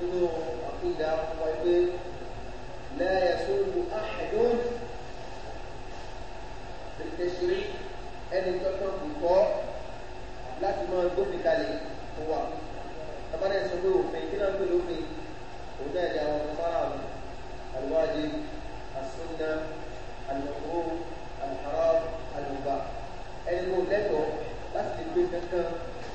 nínú àkídà wa pé lẹ́yà sóòlù àhẹ́dùn tẹ̀sírí ẹni tọ́tọ́ kùkọ́ láti máa gbófin kalẹ̀ fún wa tabbara ya sabo mai kina ku lobe ko da ya wa fara alwajib as-sunna al-maqru al-haram al-mubah ẹni mo lẹ́tọ̀ọ́ láti gbé kankan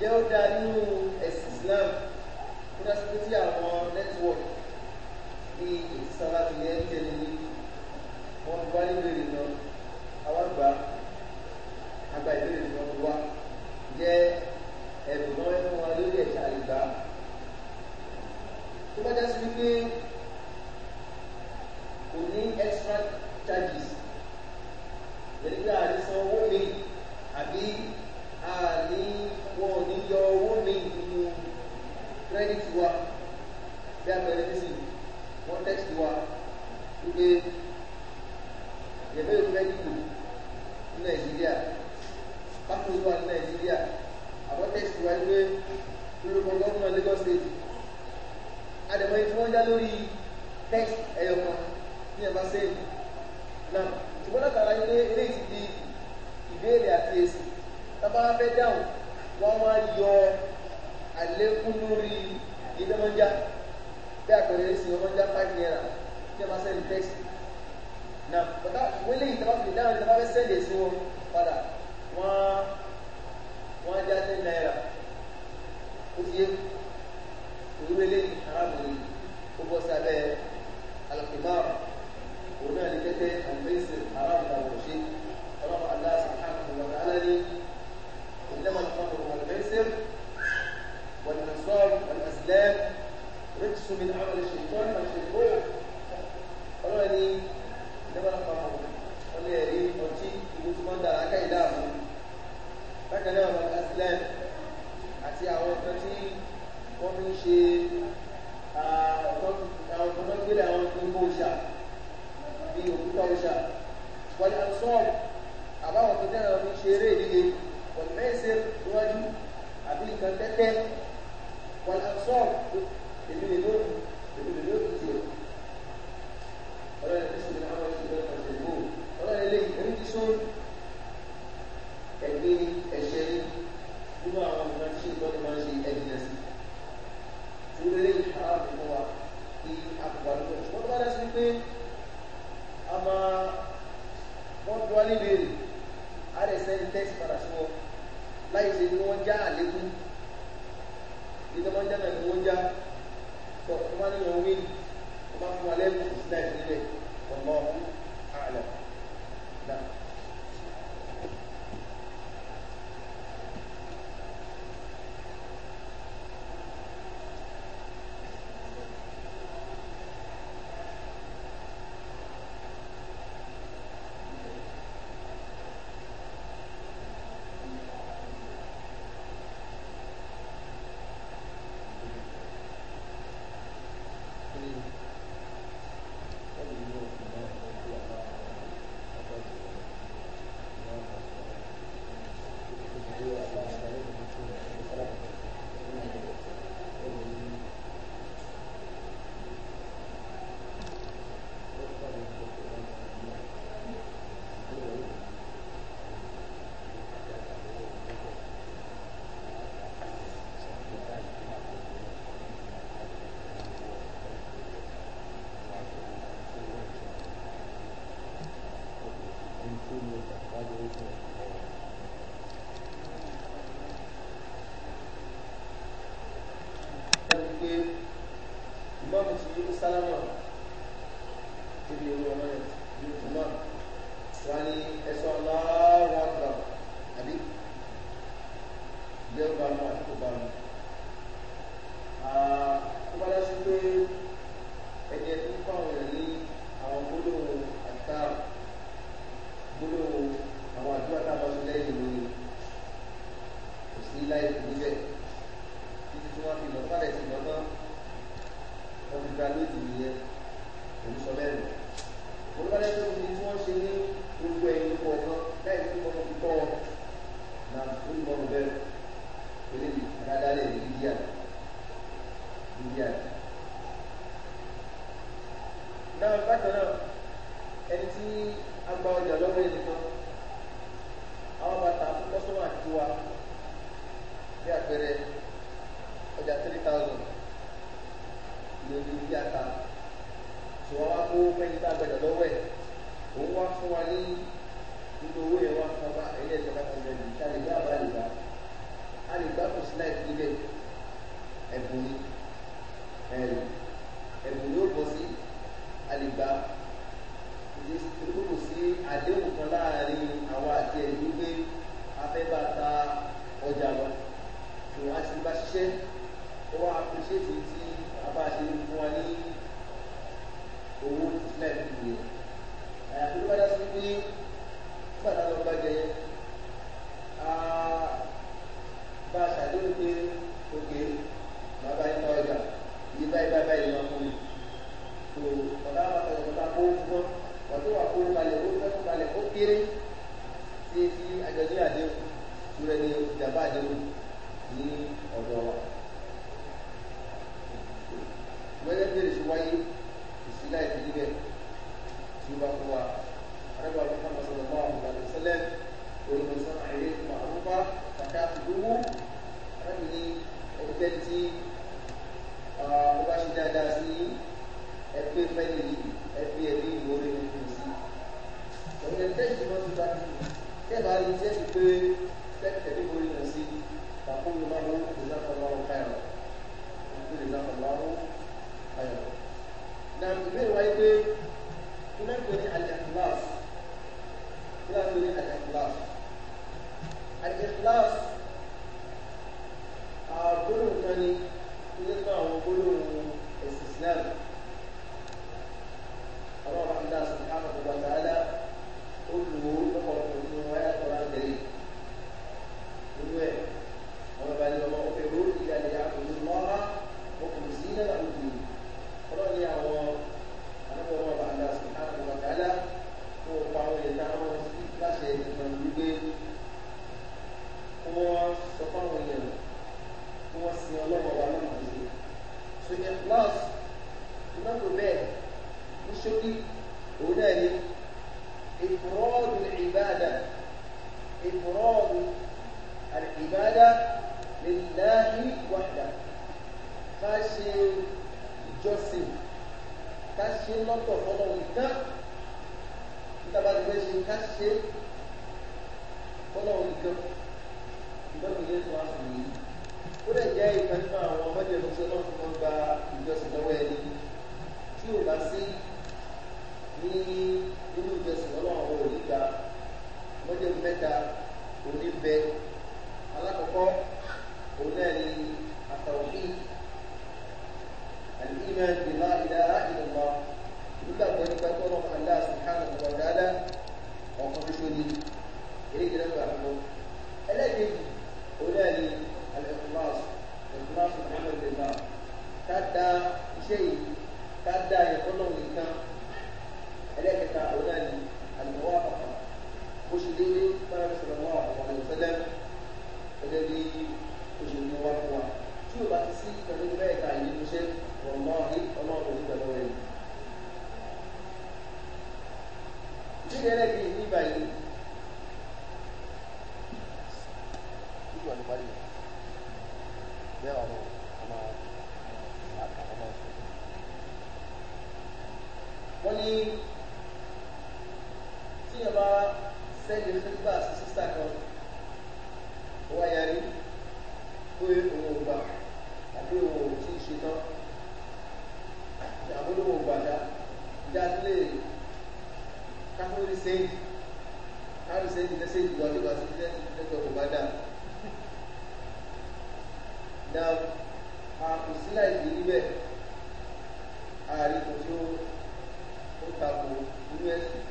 ǹjẹ́ ó dáa nínú ẹ̀sìn Islam kí wọ́n ti tí àwọn nẹ́tíwọ̀kì bí ìsanra ti yẹn tẹ̀lé ní wọ́n wá nínú èrè lọ àwọn àgbà àgbà ìbéèrè lọ wá jẹ́ ẹ̀bùn náà fún wọn lórí ẹ̀ka àlùbá tó bá já wípé kò ní extra charges yẹn nígbà àdìsán owó mi àbí àní wọn ò ní yọ owó mi nínú kírẹ́dìtì wa bí abẹ́rẹ́ nísìn wọ́n tẹ́kìtì wa wípé yẹ̀bẹ́ kírẹ́dìtì ní nàìjíríà bákan ìwà ní nàìjíríà àwọn tẹ́kìtì wa wípé lórúkọ gọ́ọ̀mù Lagos state àdèmọ́ ìfún wọn já lórí tẹ́kìtì ẹ̀yọ̀kan ní ẹ̀bá sẹ́yìn náà ṣùgbọ́n látara ilé ilé ìsìnkú ìbéèrè àti èsì tábà fẹ́ dáhùn wọ́n wá yọ àlékún lórí ìdánmọ́já bí àpẹẹrẹ sí ọmọjá five naira tí a máa sẹ́ni tẹ́sì náà bàbá wọlé ìtàbá fi dáhùn ìtàbá fẹ́ sẹ́ni èsì wọn padà wọ́n wọ́n já ten naira ó ti yé òwúrẹ́ lẹ́yìn arábìnrin ó bọ́ sábẹ́ alùpùpù òun náà ní kẹ́kẹ́ àgbẹ̀sẹ̀ arábìnrin àwọn òṣèlú ọlọ́pàá aláṣà àkàkùn wọn alẹ́ ní الأوثان والأسلام رجس من عمل الشيطان فاجتنبوه ọlọ́run ní ìjọba àpapọ̀ wọn ní ẹ̀rí ọtí ìlú tí wọ́n ń dára káyìí dáàbò bákan náà wọn aslam àti àwọn kan tí wọ́n fi ń ṣe àwọn kan tó ń gbélé àwọn gbogbo òṣà bíi òkúta òṣà wọ́n á sọ àbáwọn kan tẹ́lẹ̀ wọn fi ń ṣe eré ìdíje wọ́n mẹ́sẹ̀ níwájú àbí nǹkan tẹ́tẹ́ wọ́n á sọ èmi lè lóyún èmi lè lóyún tiẹ̀ ọ̀rọ̀ ẹ̀ ní sinimá wọn ti bẹ́ẹ̀ pàṣẹ ìbò ọ̀rọ̀ ẹ̀ lẹ́yìn ẹni tí sún ẹ̀gbin ẹ̀ṣẹ̀ nínú àwọn ọmọ tí ìbọn máa ń ṣe ẹ̀jìnà sí tí ó lè ha àbùkù wa kí àbùkù àdúgbò wọ́n bá dá sí pé a máa ní tó máa ń já náà ni wọ́n já tọ̀ wọ́n máa ń yan wí wọ́n máa fún wa lẹ́bùn sí wáyé ìsílá ìdí níbẹ̀ tí ó bá fún wa arẹ́bà ní kàmá sọ̀rọ̀ bá àwọn ìgbàlẹ̀ sẹ́lẹ̀ olùmọ̀sán àìlè ìgbà àwùbá kàkà àtìgbówó arẹ́bì ní ẹgbẹ́ tí ó bá ṣe dáadáa sí ẹgbẹ́ fẹ́lẹ̀ yìí ẹgbẹ́ ẹ̀rí ìwò orí ẹgbẹ́ sí. ọ̀rẹ́ tẹ́sí wọn ti bá ti kẹ́bàá ní tẹ́sí pé tẹ́kẹ̀ ní orí rẹ̀ sí tàkùn ní máa ń kó ìlànà ọlọ́run káyọ̀ 对，那很难，还有。na ìwé wáyé pé iná ń pè ní al-ikhlas iná ń pè ní ó wá sọ fáwọn èèyàn kí wọ́n sin ọlọ́wọ́ wa lọ́nà yìí ṣùgbọ́n plus ìmọ̀tò bẹ́ẹ̀ ní ṣókí òun náà ni ìfúrọ́ọ̀dù ìbáàdà ìfúrọ́ọ̀dù ìbáàdà lillahi wahda ká ṣe ìjọsìn ká ṣe lọ́tọ̀ fọlọ́wọ́ nìkan níta bá ti ṣe ká ṣe fọlọ́wọ́ nìkan lọ́dún ilé tó wá sí yìí ó lè jẹ́ ìkan nínú àwọn ọmọdé ìrúnṣẹ́ náà fún wọn gba ìjọsìn lọ́wọ́ ẹni tí ò bá sí ní nínú ìjọsìn ọlọ́run ò ní gba ọmọdé mẹ́ta kò ní bẹ Allah subhanahu wa ta'ala ọ̀kan ṣoṣo ni eré ìjọba onáni al-ikhlas al-ikhlas muhammed lila ká da iṣẹ́ yìí ká da ẹ̀kọ́ náà nìkan ẹlẹ́kẹta onáni al-muwafaqa oṣù déédéé bára bí sallallahu alaihi wasallam gẹ́gẹ́ bí oṣù ní wá fún wa tí o bá ti sí ìkànnì mẹ́ẹ̀ta yìí ló ṣe wọ́n mọ́ ní ọlọ́run tó ti gbà lọ́wọ́ yìí. ìdílé ẹlẹ́gbẹ̀ẹ́ ní báyìí wà ní parí yẹn bẹ́ẹ̀ wà lọ́wọ́ ọmọ àkà ọmọ ọ̀sẹ̀. wọ́n ní tí yẹn bá sẹ́yìn ní bá sí sísá kan wọ́n yà ní pé òun ò gbà àbí òun ò tí ì ṣe tán àbúrò òun gbàdá ìdádúlé káfíńsì káfíńsì ní sẹ́yìn ìgbà tó bá sí sẹ́yìn lẹ́tọ̀ọ́ kò bá dáa na kò sí láìsí níbẹ̀ àríkò tí ó tako nínú ẹ̀sìn.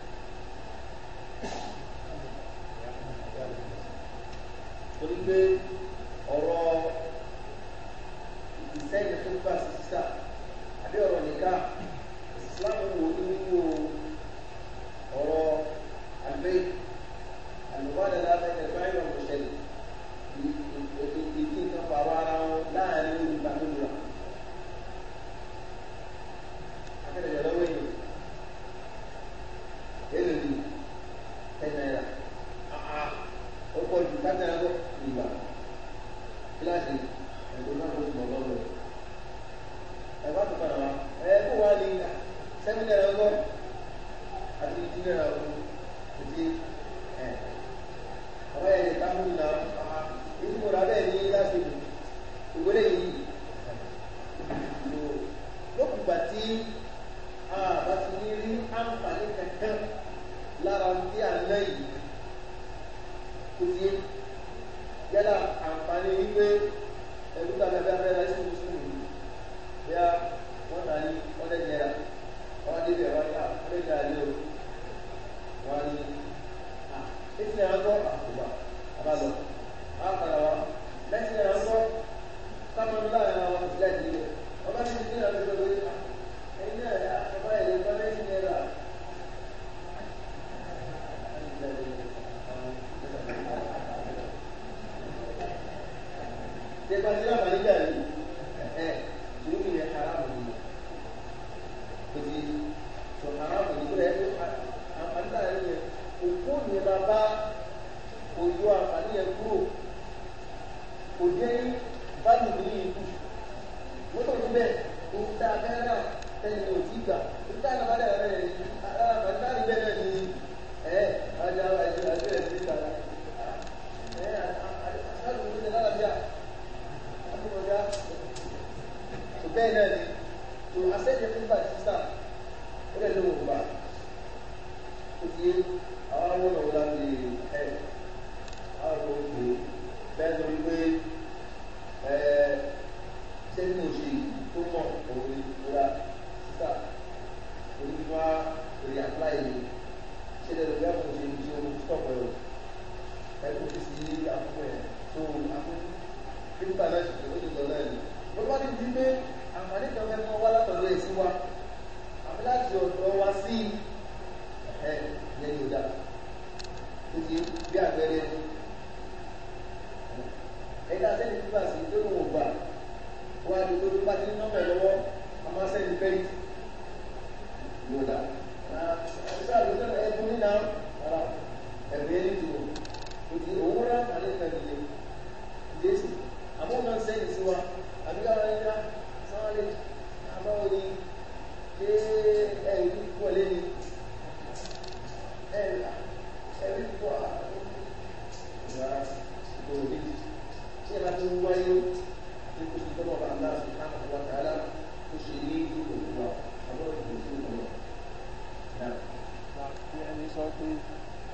pé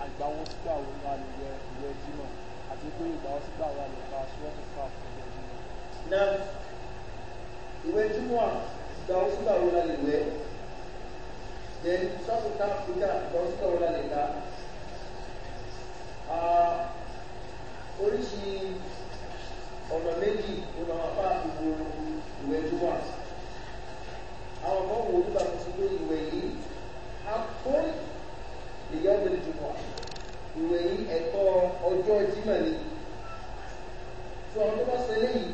àgbà wọn sígbà wo ni a lè yẹ ìwé jìnnà àti pé ìgbà wọn sígbà wo a lè ka ṣúwọ́tì sáà fún ìwé jìnnà. na ìwé jìnnà ìgbà wọn sígbà wo la lè wẹ then south africa africa ìgbà wọn sígbà wo la lè ka oríṣi ọ̀nà méjì ló máa fà gbogbo ìwé jìnnà àwọn kan wò nígbà tó ìyáàdé ìjùmọ̀ ìwé yìí ẹ̀tọ́ ọjọ́ ìjímọ̀ ni tí wọn tó bá ṣe léyìí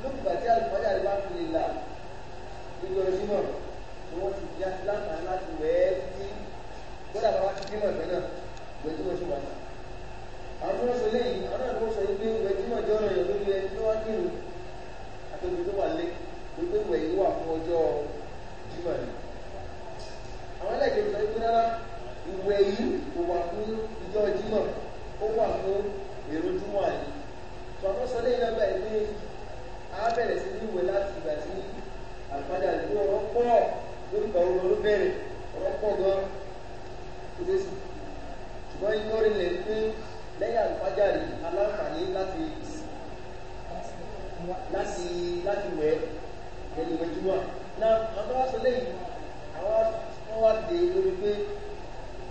lókùgbà tí àlùfáàjà rẹ bá fi lè là nígbà ìjímọ̀ ni wọ́n ti di láǹfààní láti wẹ̀ẹ́ tí gbọ́dọ̀ bá wá ti dín mọ̀gbẹ́ náà ìwé tí wọ́n ti wà náà. àwọn tí wọ́n ṣe léyìí àwọn náà ni wọ́n sọ wípé ìwé ìjímọ̀ jẹ́ ọ̀rọ̀ ìyọ̀ lórí ẹni tó wá ìwẹ̀ yìí kò wà fún ìjọ jímọ̀ ó wà fún èrò júmọ̀ àyè ṣùgbọ́n sọlé iná bẹ́ẹ̀ pé a bẹ̀rẹ̀ sí ní ìwẹ̀ láti ìgbà tí àgbàdà ìlú ọ̀rọ̀ pọ̀ lórúkọ ọ̀rọ̀ ló bẹ̀rẹ̀ ọ̀rọ̀ pọ̀ gan kúdésì ṣùgbọ́n iná rinlẹ̀ pé lẹ́yìn àgbàdà rí aláǹfààní láti láti láti wẹ̀ ẹni ìwẹ̀ júmọ̀ náà àwọn sọlé yìí àwọn wá dé lórí pé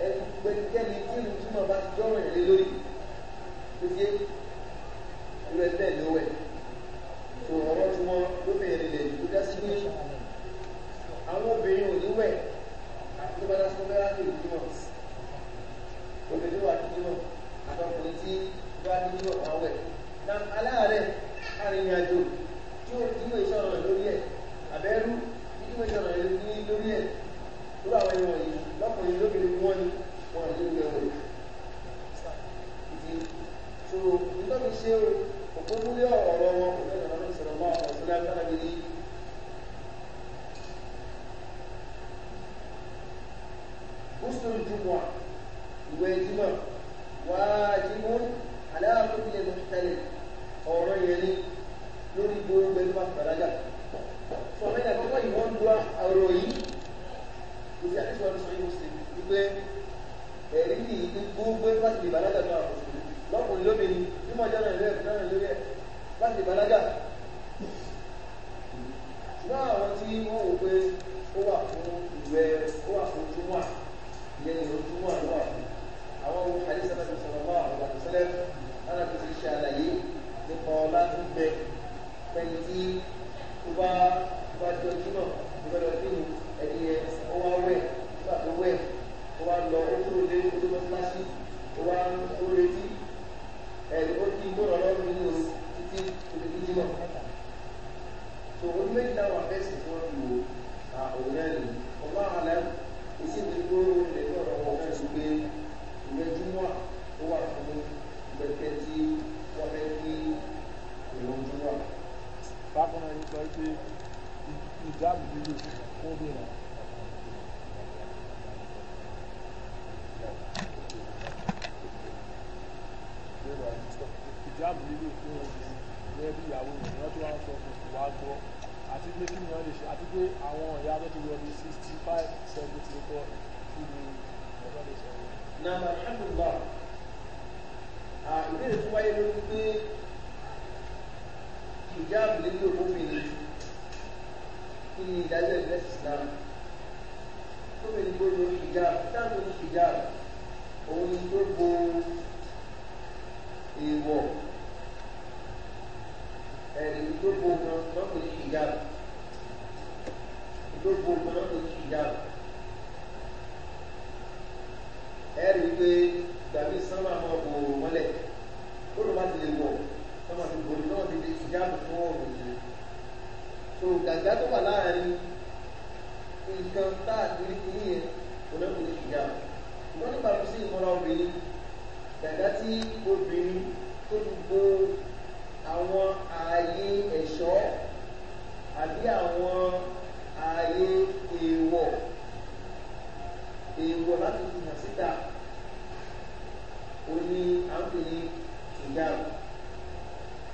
ẹnikẹ́ni tí ìtumọ̀ bá ti jọ́rọ̀ ìrẹ́ lórí gbèsè ìrẹ́ tẹ̀ lówẹ̀ tó ọ̀rọ̀ tí wọ́n lóbìnrin lè kó dá sí méjì àwọn obìnrin ò ní wẹ̀ àti bá dá sí ọgbẹ́ láti ìtumọ̀ obìnrin wà ní ìtumọ̀ àtọkùnrin tí bá ní ìtumọ̀ kan wẹ̀ na aláàárẹ̀ arìnrìnàjò tí ó ti mú ìṣọ̀rọ̀ lórí ẹ̀ àbẹ́rú tí ó ti nígbà wọn ni wọn yìí lọkùnrin lóbìnrin ni wọn ni wọn yìí ní ẹwọ ìdí tó nígbà mi ṣe o òkú múlẹ̀ ọ̀rọ̀ wọn kò fẹ́ nàá sọ̀rọ̀ mọ́ àwọn ọ̀sán láti sára mi ní. Muslim Jumwa ìwé ìdímọ̀ wájibu aláàkúnlẹ̀ mọ̀tẹ́lẹ̀ ọ̀rọ̀ yẹn ìdí àti ìṣòro sọ yìí ṣe wípé ẹ̀rí ní ìdí gbogbo láti lè bàlágà náà lọ́kùnrin lóbìnrin tí mo jẹ́ náà ìlú ẹ̀kọ́ náà lórí ẹ̀ láti lè bàlágà. ṣùgbọ́n àwọn tí wọ́n wò pé ó wà fún ìwẹ̀ ó wà fún túmọ̀ ìyẹn ìlú túmọ̀ ló wà fún àwọn ohun àdéṣe láti sọ̀rọ̀ mọ́ àwọn àtúnṣẹ́lẹ̀ láti fi ṣe àlàyé nípa ọlá tó bẹ pẹ̀lú tí ó bá bá jọjú náà ìgbọ́dọ̀ nínú ẹni yẹn ó wá wẹ̀ nígbà tó wẹ̀ ó wá lọ ó kúrò lé olómọ́síláṣí ó wá ń kó retí ẹni ó kí gbọ́dọ̀ lọ́rùn nínú títí títí títí mọ̀. tó o méjì náà wà fẹ́sì tí wọ́n ti wò à òun náà nì ọba àlẹ́ ìsì ti gbó lè lọ́rọ̀ wọn fẹ́ sùn pé ìgbẹ́júmọ́ ó wà fún ìgbẹ́kẹ́ tí wọ́n fẹ́ kí ìrọ̀júmọ́. bákan náà ní sọ pé ìjáàbù lílò fún obìnrin. ìjáàbù lílò fún obìnrin gẹ́gẹ́ bí ìyàwó rẹ̀ wọ́n tó wá ń sọ fún ìwà gbọ́ àti pé kí nìyẹn lè ṣe àti pé àwọn ìyá tó ti wọ ní sixty five seventy four kí ni ọ̀dọ́ lè sọ. na alhamdulilah uh, ìbéèrè tó wáyé lórí pé ìjáàbù lílò fún obìnrin kí ni ìdájọ́ ìlú Islam gómìnà tó lo hijab táwọn ní hijab òun ni tó bo èèwọ̀ ẹ̀rí tó bo wọn wọn kò ní hijab tó bo wọn wọn kò ní hijab ẹ̀rí pé gbàgbé sánmà máa bò mọ́lẹ̀ kó ló bá ti lè wọ̀ sánmà ti bò ní náà ti lè hijab fún ọ̀gbìn so gàgá tó wà láàrin nǹkan tá a ti rí kìíní yẹn kò náà kò ní ṣùgbà wọ́n nípa lọ sí ìmọ̀ra obìnrin gàgá tí obìnrin tó ti bo àwọn ààyè ẹ̀ṣọ́ àbí àwọn ààyè èèwọ̀ èèwọ̀ láti fi hàn síta òní à ń pè ní ìjáàbù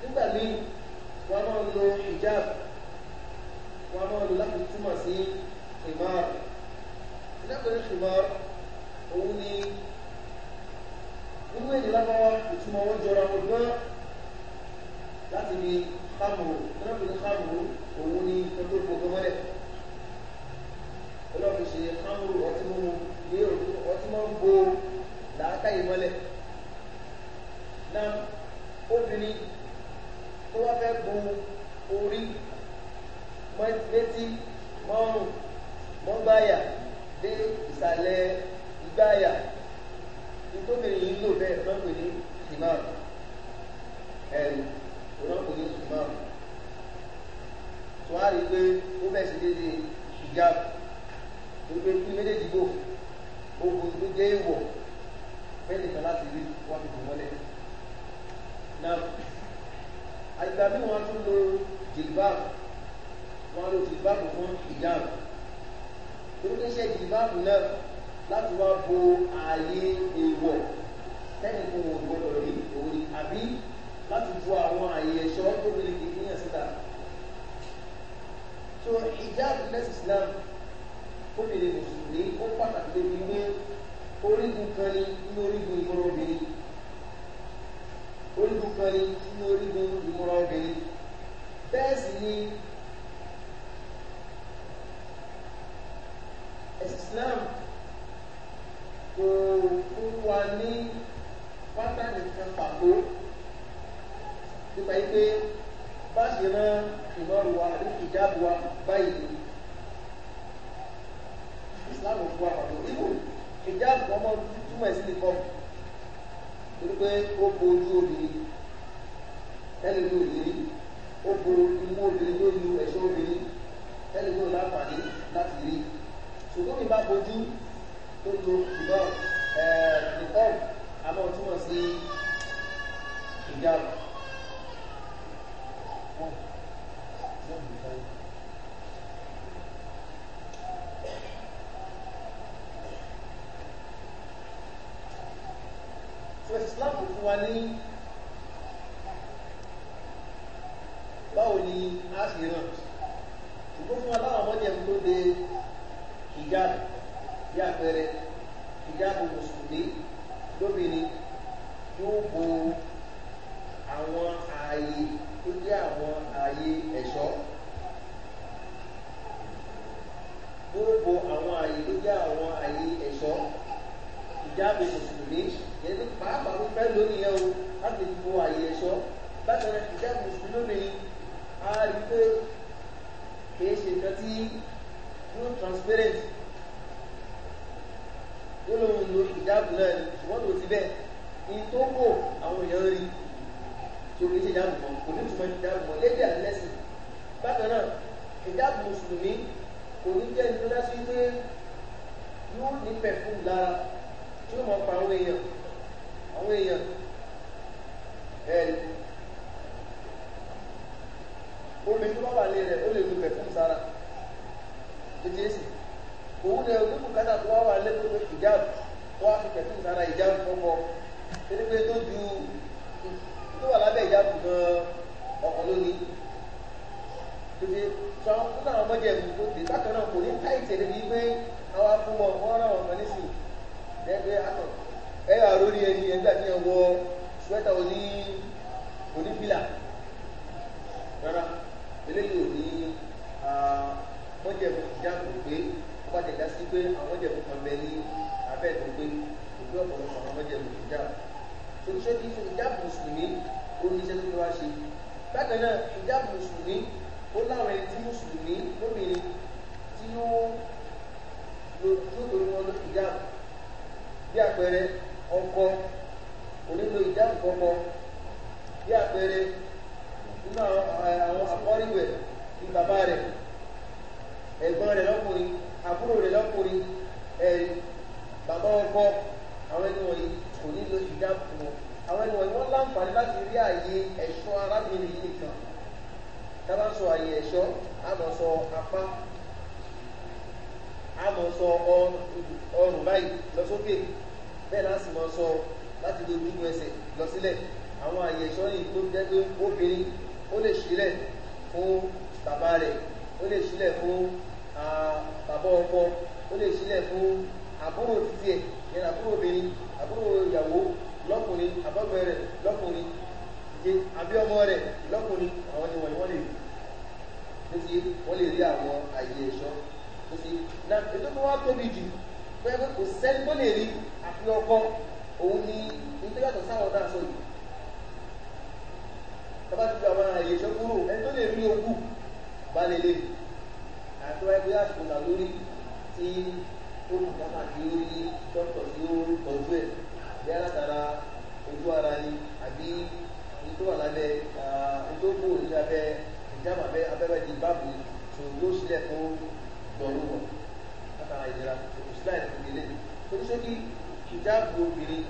nígbà míì wọ́n máa ń lo ìjáàbù wọn náà lè láti túmọ̀ sí ìmáàr ìdákùnrin ìmáàr òun ni nínú èdè lábáwá ìtumọ̀ wọn jọra wọn gbọ́n láti ní kámùrù ìdákùnrin kámùrù òun ni ọdún ìfowópamọ́ mọ́lẹ̀ ọlọ́run ṣe kámùrù ọtí mímu ní òkú ọtí máa ń létí mọ́rùn mọ́gbáyà dé ìsàlẹ̀ ìgbáyà ìtòbìnrin yìí lò bẹ́ẹ̀ lọ́pẹ ní ìmáàmù ẹ̀rù lọ́pẹ ní ìmáàmù tó a rí i pé ó bẹ̀ sí dédé ìjáàbù tó gbé kí méjèèjì bò ó tó jẹ́ ìwọ̀ bẹ́ẹ̀ nìkan láti rí wọ́n fi dùn mọ́lẹ̀ náà àgbà bí wọ́n tún lo jìlbáàbù wọn ló ti báàbù fún ìdáhùn torí ṣe ti báàbù náà láti wá bo ààyè èèwọ̀ tẹ́lẹ̀ fún wọn gbọ́dọ̀ rí òun àbí láti bo àwọn ààyè ẹ̀ṣọ́ tó lè fi níyàn síta so ìjáàbù lẹ́sìn Islam obìnrin mùsùlùmí ó pàtàkì débi wé orígun kan ní ní orígun ìmúra obìnrin orígun kan ní ní orígun ìmúra obìnrin bẹ́ẹ̀ sì ni. Islam kò fún wa ní pátánì kan pàtó nípa yìí pé bá ṣe rán ìmọ̀rù wa àbí ìjáàbù wa báyìí ni Islam fún wa pàtó ibù ìjáàbù ọmọ túmọ̀ sí ní kọ́ọ̀mù torí pé ó bo ojú obìnrin ẹni ní òyìnbí ó bo bá bojú tó lo ìbọn ẹ̀ẹ́dẹ̀kọ́ọ̀mù àmọ́ túmọ̀ sí ìjáàbù. So Islam fún wa ní tó lè rí àfi ọkọ òun ni nítorí yàtọ̀ sáwọn náà sọ yìí tọ́ba ti fi àwọn àyè ṣe kúrò ẹni tó lè rí ogún bá lè lè àti wáyé bóyá àsìkò náà lórí tí ó mú ká máa di orí dókítà tí ó tọ́jú ẹ̀ bí alátara ojú ara ni àbí tó wà lábẹ́ tó kú ní abẹ́ ìjábà abẹ́ abẹ́bẹ́ di báàbù tó yóò sílẹ̀ fún lọ́rùn wọn látara ìlera òṣìṣẹ́ ìdílé torí ṣé kí ìjáàbù obìnrin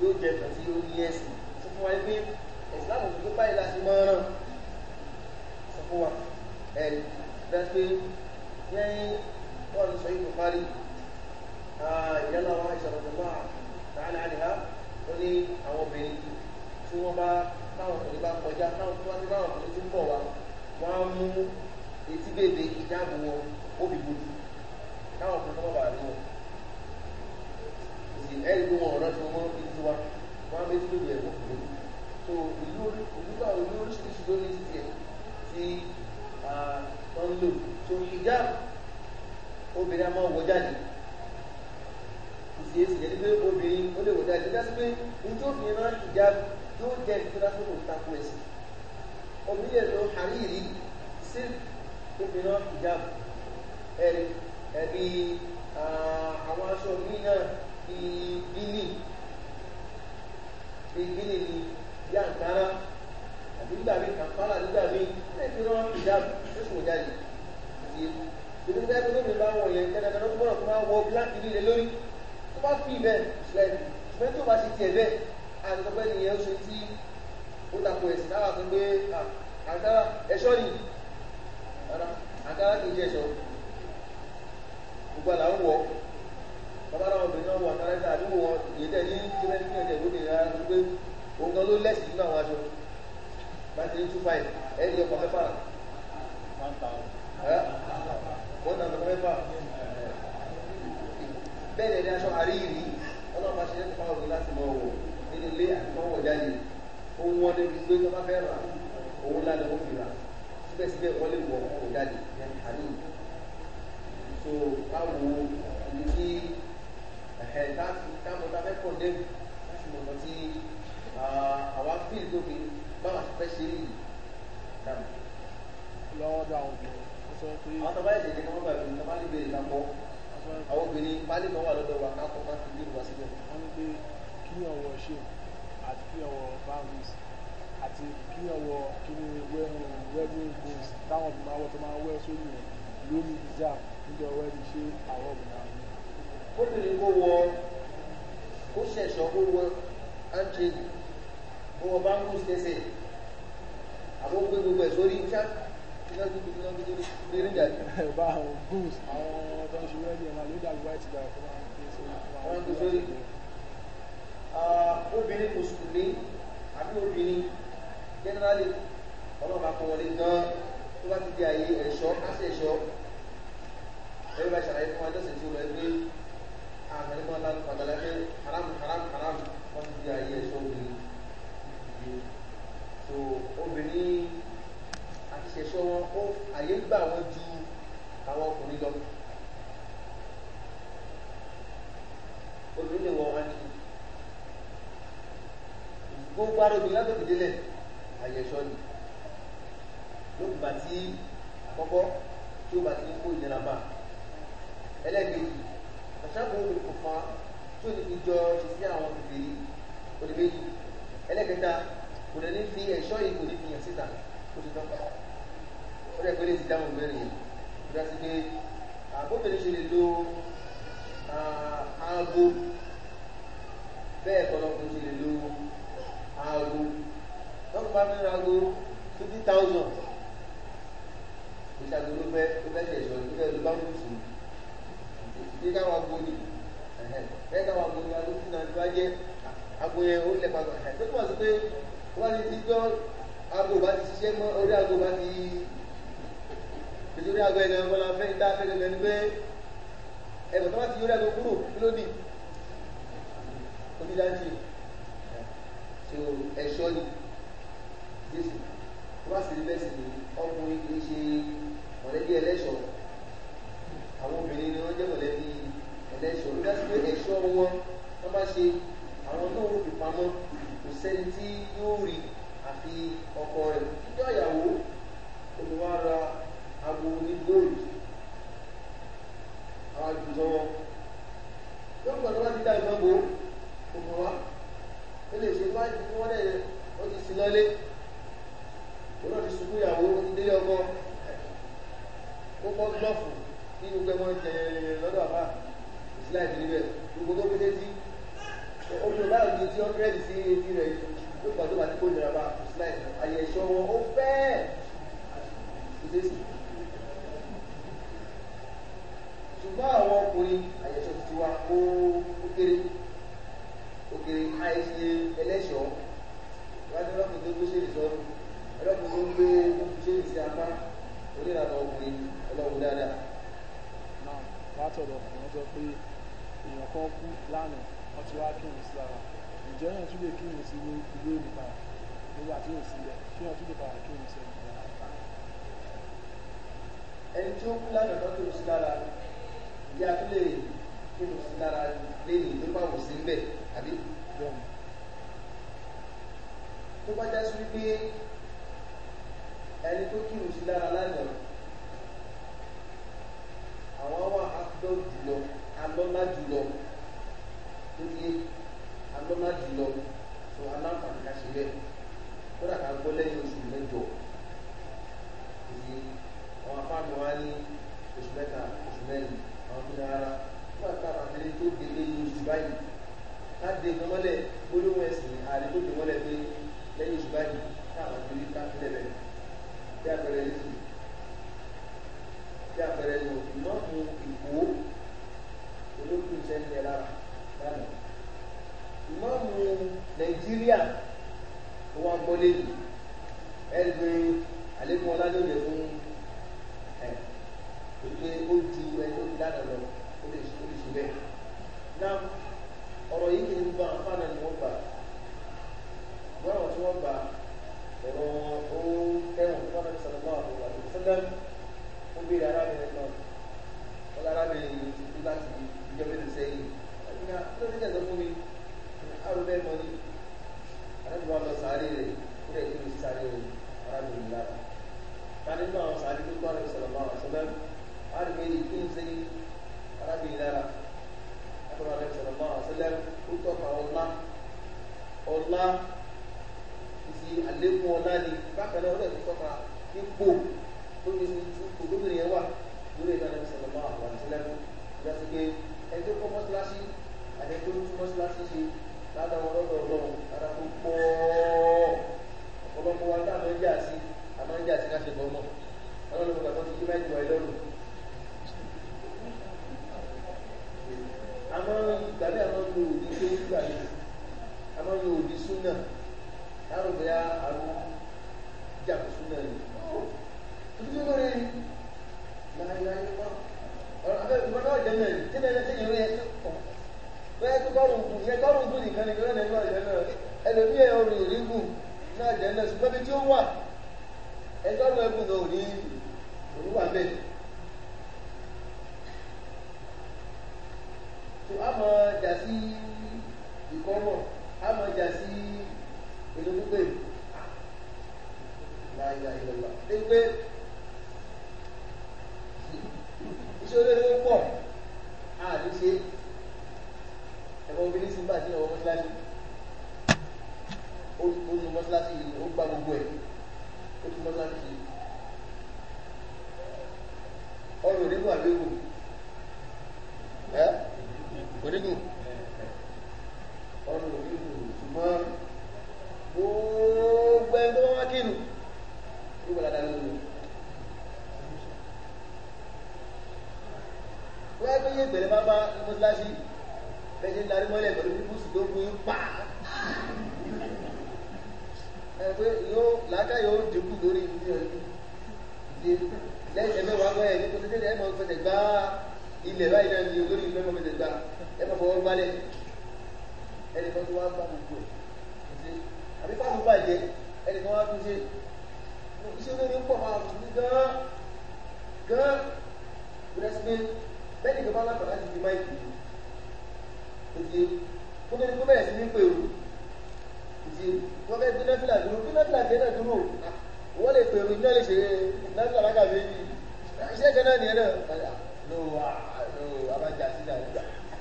yóò jẹ kan tí ó ní ẹ̀sìn sọ fún wa pé ẹ̀sìn láwọn òbí tó báyìí láti máa ràn sọ fún wa ẹ̀rí bẹ́ẹ̀ pé yẹ́n wọ́n sọ yìí kò parí ìyálà wa ìṣàlọ́dọ̀ wa tààlà àdìhá ó ní àwọn obìnrin tí wọ́n bá táwọn ọkùnrin bá kọjá táwọn tó wá sí táwọn ọkùnrin tó ń bọ̀ wá wọ́n á mú etí bèbè ìjáàbù wọn ó fi gbòdì táwọn ọkùnrin tó wọ́n bá rí wọn ẹ̀rí pé wọn ọ̀rẹ́ tí wọ́n fi ti wá wọ́n á méjì lórí ẹ̀wọ̀n fún mi so ìlú oríṣiríṣi ìlú oríṣiríṣi ló ní tiẹ̀ tí wọ́n lò so hijab obìnrin a máa wọ jáde ìṣe èsì ni pé obìnrin ó lè wọ jáde ó dásí pé nítorí obìnrin náà hijab yóò jẹ́ ìtura tó lòun tako ẹ̀sìn obìnrin lè lo hariri sí obìnrin náà hijab ẹ̀rí ẹ̀bí àwọn aṣọ mi náà ìbílì ìbílì ni yá àǹkárá àbí nígbà míì kàfárà nígbà míì ẹ̀sìn náà ìdáàbò ẹ̀sìn òjá yìí ti ìdí bẹ́ẹ̀ tó lóbi máa wọ̀ yẹn kẹ́lẹ́ kẹ́lẹ́ tó bọ̀ máa wọ bíláàkì líle lórí tó bá fi bẹ́ẹ̀ ṣùgbọ́n ṣùgbọ́n tó bá ṣe tiẹ̀ bẹ́ẹ̀ àtọ́gbẹ́ nìyẹn ó ṣe tí ó tako ẹ̀sìn náà tó gbé àǹkárá ẹ̀ṣọ́ ni gbogbo àlà wọ̀ ọ́ bàbá náà obìnrin náà wọ àtàrẹ́sà àbí wọ ìyẹ́tẹ̀ ní kílẹ̀sì ẹ̀jẹ̀ lóde rárá ní pé òun gan ló lẹ́sì nínú àwọn aṣọ láti ní two five ẹ̀yìn ní ọkọ̀ mẹ́fà wọ́n náà lọ́kọ̀ mẹ́fà bẹ́ẹ̀ ni aṣọ àríyìnrí ọlọ́pàá ṣe ń pa òun láti mọ òwò nínú ilé àti mọ́wọ́ jáde òun wọn débi pé tó bá fẹ́ rà òun lálẹ́ òun fi rà síbẹ̀síbẹ̀ wọ́n lè wọ̀ òun jáde àríyìn so báwo ibi tí ẹ̀ táwọn tá a fẹ́ pọ̀ dẹ́nu láti mọ̀ nǹkan tí àwa fíìl tó fi báwa fẹ́ ṣe é yìí. lọ́wọ́ dá àwọn obìnrin wọ́n sọ pé. àwọn tó bá yẹ kẹ̀kẹ́ kọ́ bá ìlú tó bá lè bèrè lápọ̀ àwọn obìnrin bá lè mọ̀ wà lọ́dọ̀ wa káàkó bá fi dìbò wá síbẹ̀. wọ́n ní pé kí ọwọ́ ṣe àti kí ọwọ́ báwùs àti kí ọwọ́ kí ni wedding goals táwọn ọ̀dùnmáwọ́ tó máa ń wẹ́ sórí rẹ̀ lórí ìjà níjọ wẹ́ẹ̀dì ṣé àwọn ọ̀dùn kóbìnrin kó wọ kó ṣẹ̀ṣọ́ kó wọ áńtírì kó wọ báńkù ṣẹṣẹ àwọn gbé gbogbo ẹ̀ sórí ṣá Báwo blues àwọn tó ń ṣe wẹ́ẹ̀dì ẹ̀ máa ló dàbí white guy fún àwọn tó ń ṣe wọ́n tó sórí. Obìnrin Mùsùlùmí àbí obìnrin generally ọlọ́ba kan wọlé gan-an tó bá ti di àyè ẹ̀ṣọ́ á sì ẹ̀ṣọ́ ẹ̀rọ bá ṣàlàyé fún wa lọ́sẹ̀ tí ó lọ ẹgbẹ́ láti padà pé haram haram haram wọ́n ti di ayé ẹ̀ṣọ́ obìnrin yìí so obìnrin àti ṣẹ̀ṣọ́ wọn ó àyè ń gbà wọ́n ju àwọn ọkùnrin lọ obìnrin lè wọ wọn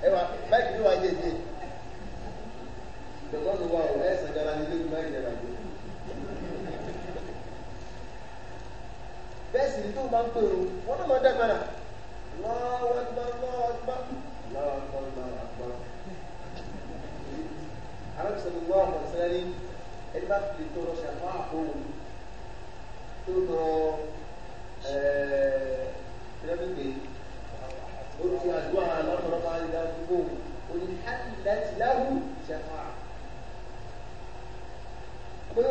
ẹwà báyìí ló wà yé yé tẹmọnù wa ò ẹsẹ gara ní ilé ìgbà ìjẹrà gbé bẹ́ẹ̀ sì ni tó máa ń pè o wọn náà máa dàgbára lọ́wọ́ gbá lọ́wọ́ gbá lọ́wọ́ gbá lọ́wọ́ gbá arábìsọ̀rọ̀ wà wọ̀ sẹ́rí ẹni bá fi tọrọ ṣàfà àpòwò tó lọ ẹ̀ẹ́dẹ́gbẹ̀ẹ́ tó ti àdúrà alọ́mọlọ́mọ ayélujára gbogbo òní hàkì láti láhù ṣẹfà. pé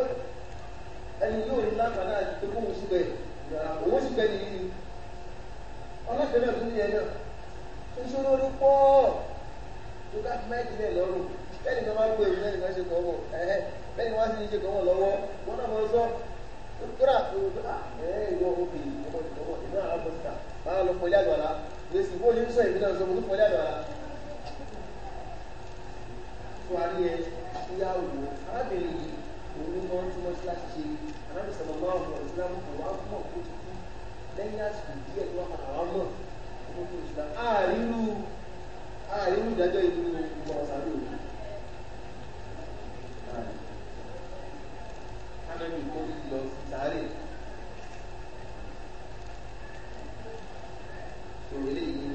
ẹni yóò ní láǹfààní àti pé kóhùn síbẹ̀ òun síbẹ̀ nìyí ọlọ́sẹ̀ náà tún yẹn náà ìṣòro orí pọ̀ tó ká mẹ́ẹ̀kì náà lọ́rùn bẹ́ẹ̀ni kan máa ń gbèrú lẹ́yìn kan ṣe kàn wọ̀ ẹ̀ẹ́ bẹ́ẹ̀ni wọ́n á sì ń ṣe kàn wọ̀ lọ́wọ́ wọn náà mọ̀ sọ kúrà ẹ̀ẹ́ ìwọ obìnrin ọmọ ìdánwò ìdánwò àbọ̀síta máa lọ pẹ̀lú àgbàlá gbèsè bó ṣe ń sọ èmi náà sọ mo tó fọlẹ́ àdọ̀la fún àrí ẹ ìyá òwò arábìnrin yìí òun ní wọ́n tí wọ́n ti láti ṣe arábìnrin sọ̀rọ̀ máa ń wọ̀ ìsìlámù kò wá mọ̀ kó ti kú lẹ́yìn àsìkò díẹ̀ tó wà padà wá mọ̀ kó tó ìsìlámù. àrírú àrírú ìdájọ́ ìlú lọ sí sáré. tó ilé yìí ní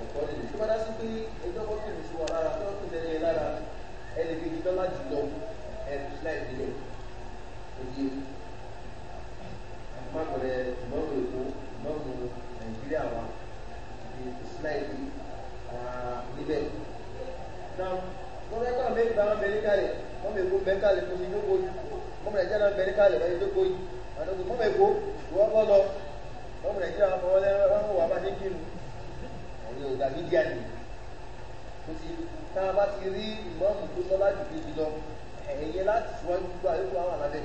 ẹ̀kọ́ nínú tó bá dá sí pé ẹjọ́ bọ́kùnrin sí wa lára tó ń tẹ̀lé ẹ lára ẹni kejì dọ́là jùlọ ẹni láì nílẹ̀ òye àpapọ̀rẹ̀ ìmọ̀ràn èkó ìmọ̀ràn nàìjíríà wa ní ìsíláìdì níbẹ̀ náà wọ́n fẹ́ kọ́ àmì ìgbà mẹ́rin kalẹ̀ wọ́n mẹ́kọ́ mẹ́rin kalẹ̀ tó ti dókòó yìí wọ́n mẹ́rin jẹ́ náà mẹ́rin kalẹ̀ ọmọ nàìjíríà wọn fọwọ́ lẹ́rọ ọ̀hún wà bá ṣe kírun ọ̀rẹ́ ọ̀dà mídíà ni kò sí tá a bá ti rí ìmọ̀ọ́mù tó sọ láti fi jùlọ ẹ̀yẹ láti síwájú gbogbo àyíkú àwọn àlábẹ́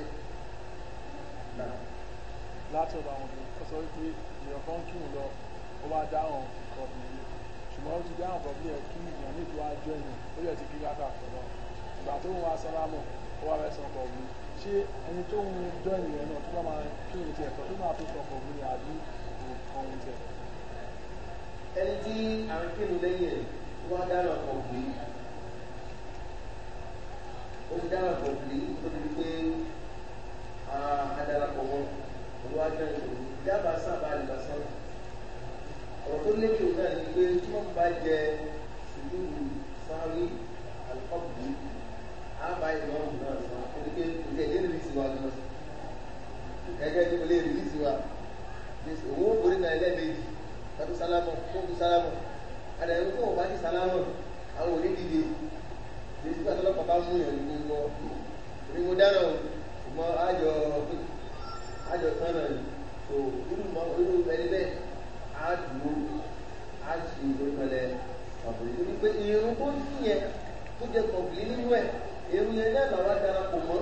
láti ọ̀dọ̀ àwọn obìnrin kọ́ sọ wípé èèyàn kan kírun lọ ó wá dáhùn ọ̀bìnrin yìí ṣùgbọ́n ó ti dáhùn ọ̀bìnrin yẹn kí èèyàn ní ìtura jọ èèyàn ó yẹ ti kí lákàtọ̀ lọ ìgbà tó ń wá sálámù ó wá fẹ́ sọ ọkọ̀ òun ṣé ẹni tó ń jọ ìyẹn náà tó bá máa kí ní ti ẹ̀kọ́ tó máa fi sọ̀kọ̀ òun ni àbí nǹkan ohun tẹ̀. ẹni tí à ń kí ní lẹ́yìn ẹ̀ wá dára ọkọ̀ òbí ó ti ni pé tí wọ́n bá jẹ sùúrù sáré àlùkọ́bù àbá ìmọ̀mù náà sọ torí pé ìjẹ́ ìlé rìlí sí wa gan gẹ́gẹ́ bí olè rìlí sí wa òun orí náà ẹlẹ́mẹ̀jì tọ́tù sálámù tóbi sálámù àdàlù tó wọ́n bá ti sálámù àwọn òní dìde lèyí pàtó lọ́kọ̀ bá mú yàn ní wọ́n ní mo dáná ṣùgbọ́n àjọ àjọ tán náà tó inú mọ inú ẹni bẹ́ẹ̀ á dùn á sì ìdókòlẹ̀ ọ̀bùnrin torí pé irun tó yẹ tó jẹ kọ̀ọ̀bùnrin nínú ẹ̀ èrú yẹn náà làwọn adarapọ̀ mọ́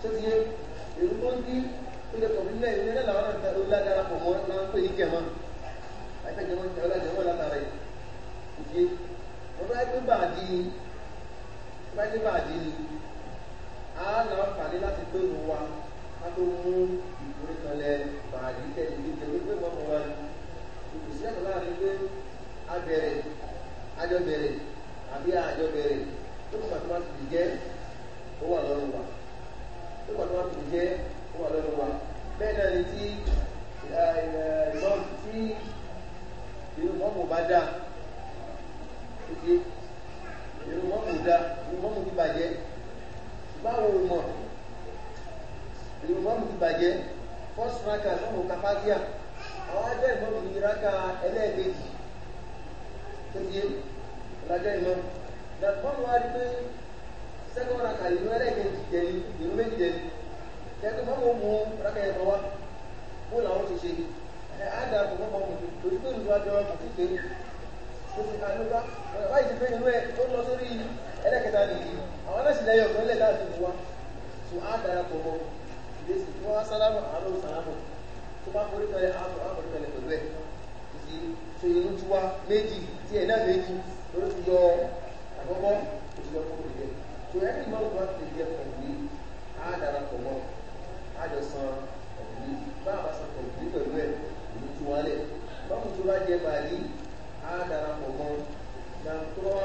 sọ́tí yẹn èrú tó ń dí ilé kọ̀ọ̀bí náà èrú yẹn náà làwọn adarapọ̀ mọ́ náà ń pè é jẹ̀mọ́ àìpẹ́ jẹ̀mọ́ jẹ̀mọ́ náà jẹ̀mọ́ látara yìí òkè wọ́n bá gbé bàdí wọ́n bá gbé bàdí á náà fàdé láti pé òun wa ká tó mú ìdúró kan lẹ bàdí tẹ̀lé ìdíje pé wọ́n mọ̀ wá ìkùsílẹ̀ kan láàrin pé a bẹ̀rẹ̀ àjọ bẹ̀rẹ̀ àbí àjọ bẹ̀rẹ̀ nígbà tó bá ti di jẹ́ ó wà lọ́rùn wa nígbà tó bá ti di jẹ́ ó wà lọ́rùn wa bẹ́ẹ̀ náà ni tí ìrọ̀lù tí irun mọ́mù bá dá oye irun mọ́mù dá irun mọ́mù ti bàjẹ́ báwo mọ̀ irun mọ́mù ti bàjẹ́ first raka mọ́mù kapadia àwọn ajá ìmọ̀mù ní raka ẹlẹ́ẹ̀kejì tó ti yé ọ̀làjá ìmọ̀mù dẹ̀fọ́nù wa rí pé sẹ́kọ̀ọ́ raka ìlú ẹlẹ́ẹ̀kejì jẹ̀lì ìlú méjì jẹ̀lì kẹ́kọ̀ọ́ mọ́mọ́ mú raka yẹn lọ wá kó làwọn ti ṣe ẹ̀ á dà tó mọ́mọ́ mú lójú pé ìlú adé wọn àti ìgbé tó ti kàn lóba báyìí ti pé ìlú ẹ̀ tó lọ sórí ẹlẹ́kẹta nìyí àwọn aláṣẹ lẹ́yìn ọ̀gbọ́n lẹ̀ láti wá tó á dára pọ̀ mọ́ àkọ́kọ́ òṣìṣẹ́ fún ìdílé tó yẹ kí mọ́rùn bá ti jẹ pẹ̀lú á darapọ̀ mọ́ á jọ san pẹ̀lú bá a san pẹ̀lú pẹ̀lú ẹ̀ ìlú tú wọn lẹ̀ báwo tó bá jẹ bàálí á darapọ̀ mọ́ làǹtọ́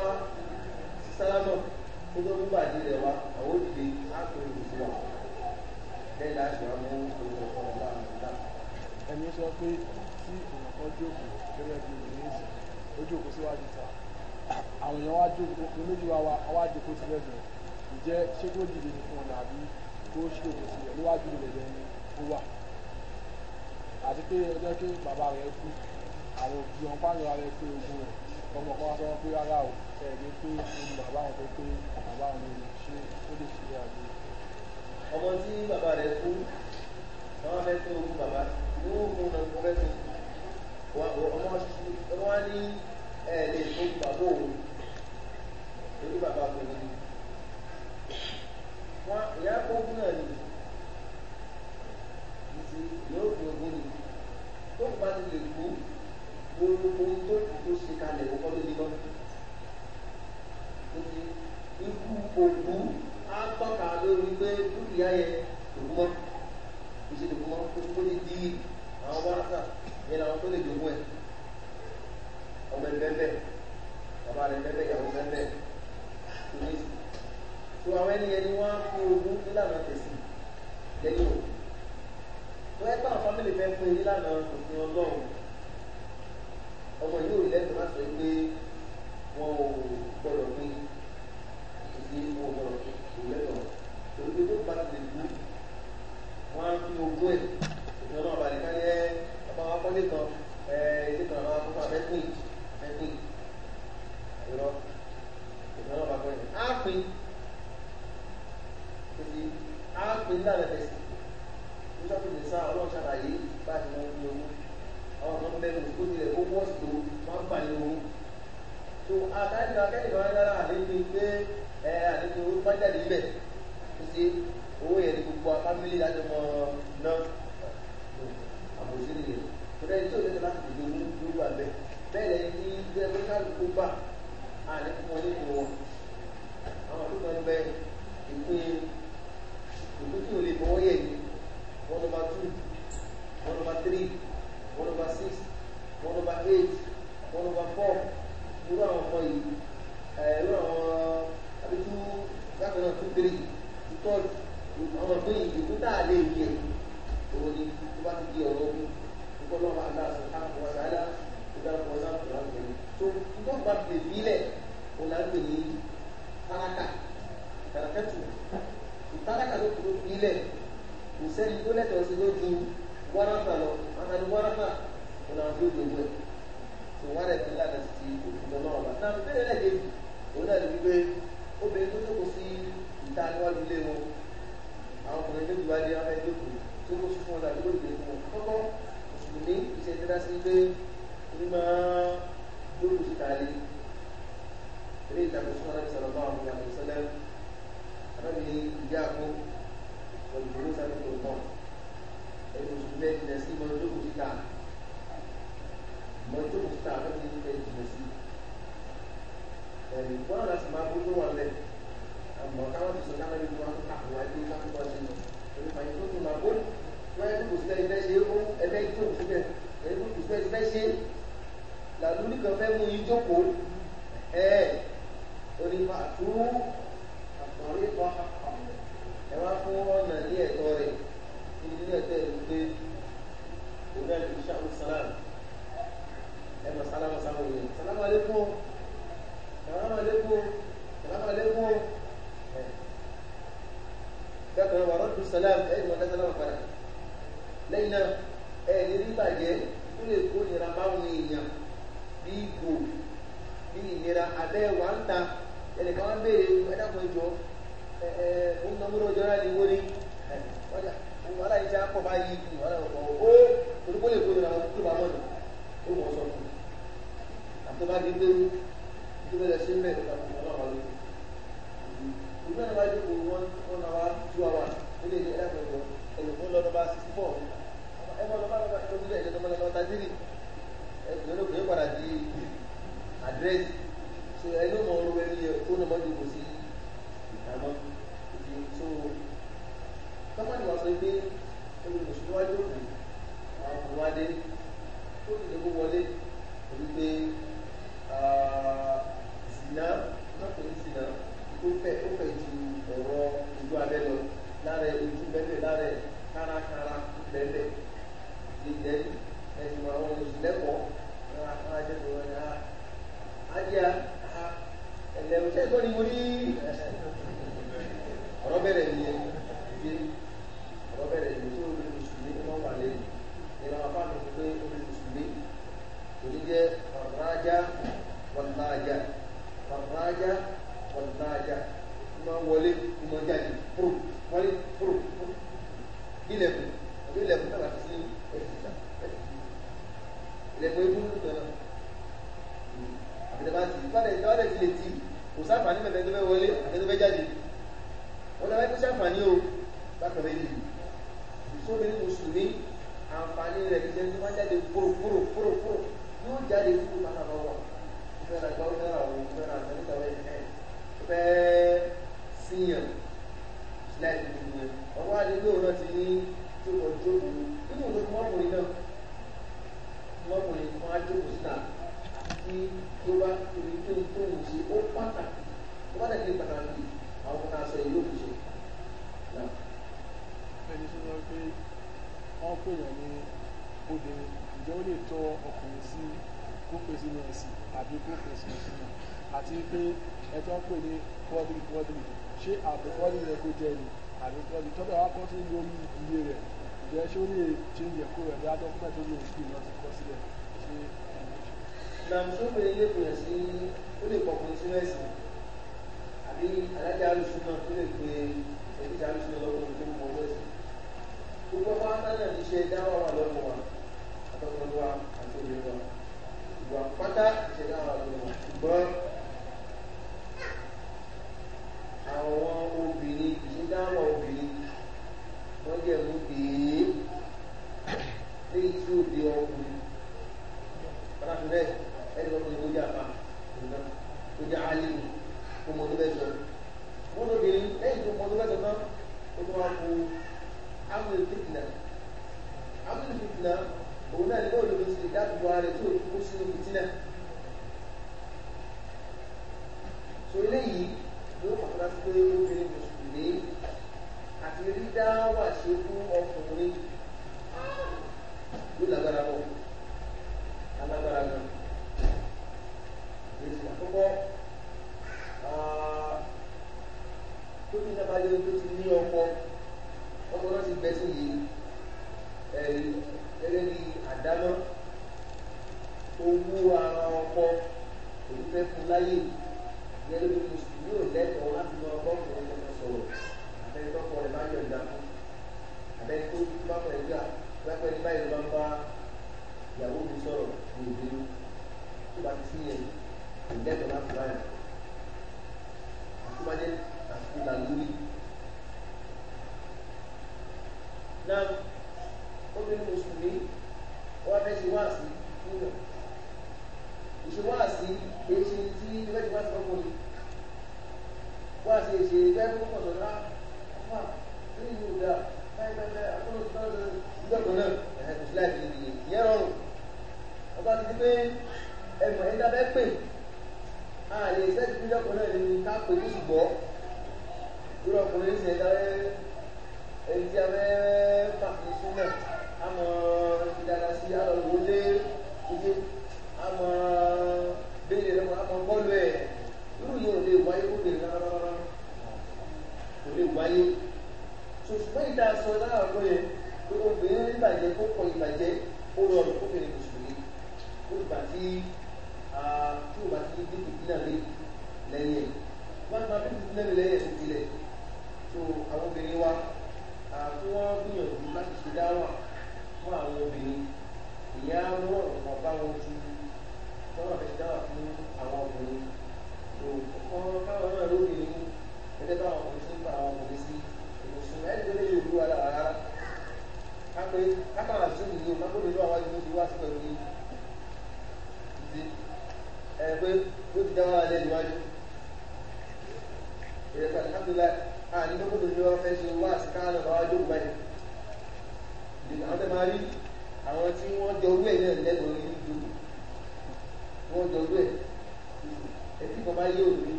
sálámọ̀ tó tó bá di rẹ̀ wá àwọn òdìdè á tó ìlú sí wa bẹ́ẹ̀ láti wá mú owó ọkọ̀ láàrin náà. ẹni sọ pé tí ìrànlọ́jọ́ òkú gẹ́gẹ́ bí ìrìn ìsìn ojú òkú síwájú ta àwọn èèyàn wá jókòó olójú wa wá jókòó sí lẹ́gbẹ̀ẹ́ ǹjẹ́ ṣé kó dìde ní fún ọ̀nà àbí kó ṣòro sí ẹ̀ níwájú ìrẹ̀lẹ̀ ni ó wà àti pé ọjọ́ pé bàbá rẹ̀ kú àwọn òbí wọn pàmì ara rẹ̀ pé ogun rẹ̀ ọmọ kan sọ pé rárá o ẹ̀ẹ́dẹ́ pé ohun bàbá wọn tó pé bàbá wọn ló ṣe ó lè ṣe àgbè. ọmọ tí bàbá rẹ̀ kú àwọn fẹ́ tó ogun bàbá ní ogun náà ọmọ ẹ lè fún bàbá òun lórí bàbá obìnrin wọn ìyá ogun náà ni ìsì yóò fi ogun ni tó bá ti lè kú gbogbo ohun tó kù tó ṣe kalẹ̀ òkọ́ lórí lọ. Ikú òkú á tọ́ka lórí pé dúkìá yẹn òkú mọ́. Ìṣèlú mọ́ kó tó lè di àwọn wáráta yẹn làwọn tó lè dògún ẹ̀ ọmọ ẹgbẹ́bẹ́ bàbá rẹ̀ ẹgbẹ́bẹ́ ìyàwó ẹgbẹ́bẹ́ ìwéjì tó àwọn ẹni ẹni wọ́n á fi ogún nílànà tẹ̀sí lẹ́yìn òkú tó ẹ bá fámìlì fẹ́ pé nílànà òfin ọlọ́run ọmọ yóò lẹ́tọ̀ọ́ láti rí pé wọn ò gbọ́dọ̀ pé ìdí wọn ò gbọ́dọ̀ kò lẹ́tọ̀ọ́ torí pé tó bá ti lè gbó wọn á fi ogún ẹ̀ òfin ọlọ́run àbàlẹ̀ ká yẹ ọmọ akọ́lé kan ẹ̀ẹ́dẹ́gbẹ̀rún àwọn akọ́kọ́ abẹ́kùn yìí ẹ̀sìn ìrọ̀ ìdáná bàbá yẹn á pè títí á pè nílànà ẹ̀sìn bíṣọ́pù lè sá ọlọ́run ṣàlàyé bá ti mọ ní owó àwọn ọ̀dọ́ bẹ́ẹ̀ ní kó tilẹ̀ ó wọ́ sí owó wọ́n gbà ní owó tó àtàkùn akẹ́kọ̀ọ́ wọn dára àlékún pé ẹ àlékún owó pàjáde níbẹ̀ títí owó yẹn ní gbogbo fámílì láti mọ náà àbòsí nìyẹn tó dẹ́ni tó lẹ́tọ̀ bẹ́ẹ̀ lẹ́yìn tí ilé ẹgbẹ́ kálukú gbà àní fún wọn nínú wọn àwọn àdúgbò ń bẹ ìpín ìpín tí ò lè bọ́ wọ́yẹ̀ ni one over two one over three one over six one over eight one over four irú àwọn ọmọ yìí irú àwọn àbí tú náà two three two third àwọn ọmọ yìí ìpín tá a lè yẹ òun ni tó bá ti di ọ̀rọ̀ ogun nípa ọlọ́run aláàfin káàkiri wàhálà ìdárúkọ ọlá so tó ń bá tilẹ̀ bílẹ̀ òun là ń pè ní tálákà tàràkẹ́tù tálákà ló kúrò bílẹ̀ kò sẹ́ni tó lẹ́tọ̀ọ́ sí ló ju wárápà lọ àtàlù wárápà òun àwọn tó gbogbo ẹ̀ so wárá ẹ̀ nílá àti ti òfin lọ́wọ́ ọ̀la náà bẹ́ẹ̀ lẹ́gẹ̀ẹ́ òun náà ní wípé obìnrin tó tókò sí ìta níwájú ilé wọn àwọn ọkùnrin tó gbogbo adé wọn fẹ́ẹ́ dókòó tó kó sún fún ọ̀la ló gbé wọn kọ́kọ́ mùsùlùmí ìṣẹ̀dá sí pé onímọ̀ lórí títa lé eré ìtàkùn sọ́nà láti sọ̀rọ̀ bá àwọn ìyàwó satu àbẹ́bí ìjà kó ọ̀dùnkún sáré tó ń bọ̀ ẹni oṣù bẹ́ẹ̀ jìnà sí mọ lórí títa mọ lórí títa àbẹ́bí bẹ́ẹ̀ jìnà sí ẹni wọn láti máa bójú wọn lẹ àmọ́ káwọn ti sọ káwọn ti wọn àwọn ẹgbẹ́ káwọn bá ṣe lọ ẹni fàyè tó Lalu kan fẹ́ mú yín jókòó ẹ̀ onípa àtúrú àpọ̀rí kan ẹ wá fún ọ̀nà ní ẹ̀tọ́ rẹ̀ kí ní ẹ̀tọ́ rẹ̀ gbé ìwé ẹ̀dùn ṣàkóso sálàmù salam mọ̀ sálámù sálámù yẹn sálámù alẹ́kùn sálámù alẹ́kùn sálámù alẹ́kùn ẹ̀ dákun wà rọ́dù sálámù ẹ̀ ìwọ̀n dá sálámù padà lẹ́yìn náà ẹ̀ ní rí bàjẹ́ kó lè ní ìgò ní ìlera abẹ́ wà ń ta ẹnìkan wá ń béèrè ẹ̀dàkùn ìjọ ẹ̀ẹ́dùn nàmúrò jọra ní wó ní ọjà òun aláìjá pọ̀ bá yí ìlú aláwọ̀ ó orúkọ lè kórè àwọn tó bá mọ̀ ní ó wọ́n sọ fún un àti bá gbé gbé tó bẹ̀rẹ̀ sí mẹ́rin nípa fún ọlọ́wọ́ lórí ìlú náà wájú kò wọ́n wọn náà wá tú àwà ó lè ní ẹ̀dàkùn ìjọ ẹ̀yìn fún lọ́dọ̀ bá sixty four ẹ̀mọ́ lọ́dọ̀ bá lọ́dọ̀ tó ẹgbẹ̀rún kò ní padà di àdírẹ́sì so ẹni ọmọ orúkọ ẹni yẹ tó nàmọ́ dìbò sí ìdámọ́ ìdí so tọ́mọ́nì wà sọ pé ẹni mùsùlùmí wájú òkú àwọn ọmọ adé tó ti lè kó wọlé pẹ̀lú pé zina lọ́pọ̀ ní zina ó fẹ́ ó fẹ́ ju ọ̀rọ̀ ojú abẹ́ lọ lára ojú bẹ́ẹ̀ lára kárakára bẹ́ẹ̀ ìdẹ́yìn ẹ̀sìn àwọn olùsìlẹ́kọ̀ọ́ àwọn àjẹsìn wọn náà ajá ẹ̀lẹ́wọ̀n tẹ́ gbọ́n ni mo ní ọ̀rọ̀ bẹ̀rẹ̀ ni ẹ̀ ọ̀rọ̀ bẹ̀rẹ̀ ni tí olórí mùsùlùmí ni wọ́n wà lẹ́nu ìlànà àpáàmì fún pé olórí mùsùlùmí kò ní jẹ́ ọ̀rájá wọ̀nàájá sáfàní bẹ̀rẹ̀ tó fẹ́ wọlé àti tó fẹ́ jáde wọn làwọn ẹgbẹ́ sáfàní o bákan méjì ìṣòro ní mùsùlùmí àǹfààní rẹ̀ kìí ṣe tó máa jáde kúrò kúrò kúrò kúrò yóò jáde kúrò bákan náà wà fẹ́ràn gbọ́ fẹ́ràn àwọn fẹ́ràn àtẹ̀lẹ́ tàwọn ẹ̀ fẹ́ síyàn láì dùdù yẹn ọwọ́ àdéhùn náà ti ní tó kọ jókòó nínú ìlú mọ́kùnrin náà mọ́kùnrin kan á sí náà tí tó bá torí tó ń tó ń ṣe ó pátá tó bá dẹ̀ kí pàtàkì àwọn kan aṣọ yìí ini fi ṣe. ẹni tó sọ pé wọ́n pè yàn ní obìnrin ǹjẹ́ ó lè tọ́ ọkùnrin kau kópe sínú ẹ̀sìn àbí kópe sínú ẹ̀sìn náà àti pé ẹ tó ń pè ní kọ́dìrì kọ́dìrì ṣé àbò kọ́dìrì rẹ kó jẹ́ ni àbí kọ́dìrì tọ́bẹ̀ wá kọ́ sí lórí iye rẹ̀ ǹjẹ́ ṣé ó lè ṣe ń yẹ kó rẹ̀ bí adọ́ pẹ̀ tó lè fi náà ti kọ́ sílẹ̀ ṣé. nàìjíríà ló ń pè é lẹ́kùn ẹ̀sìn ó àbí alájà alùsùnà tó lè pe ẹbí alùsùnà lọ́wọ́ tó mú ọwọ́ ẹ̀sìn gbogbo ọba náà ní ṣe dáwà wà lọ́wọ́ wa àtọkùnrin wa àti obìnrin wa ìwà pátá ṣe dáwà lọ́wọ́ wa ṣùgbọ́n àwọn obìnrin ìṣe dáwà wọ takò amúlẹ̀ fìtìnà amúlẹ̀ fìtìnà òun náà ní bọ́ọ̀lù mi sì dábòbò ara rẹ̀ tí òun kó sínú fìtìnà so eléyìí ló pàtàkì sí pé obìnrin mùsùlùmí àti rídá wà ṣe fún ọkùnrin ló lágbára wọn alágbára náà èsì àkọ́kọ́ ah, tó ní sábàlẹ́ tó ti ní ọkọ ọmọ náà ti bẹ sí yìí ẹ̀rí gẹ́gẹ́ bí àdámọ́ owó ara ọkọ òun fẹ́ fún láyè gẹ́gẹ́ bí mùsùlùmí ò lẹ́tọ̀ọ́ láti lọ ọgọ́rùn-ún ọmọ náà sọ̀rọ̀ àbẹ́rẹ́ tọ́kọ rẹ̀ bá yọ̀ ìdá fún àbẹ́rẹ́ tó bá pọ̀ ẹ̀gbà lápẹ́ ní báyìí ló bá ìyàwó mi sọ̀rọ̀ ní ìdílé tó bá ti sí yẹn kò láti báyà àtúbájẹ́ àti ìlànà lórí. náà obìnrin mùsùlùmí wọ́n fẹ́ ṣe wáàsí nínú ìṣe wáàsí èṣe tí ìrẹ́jì wá sọ́kò ní wáàsí èṣe ìgbẹ́ fún ọ̀sán rárá fún à nínú ìdá báyìí bẹ́ẹ̀ akọ́lọ́sọ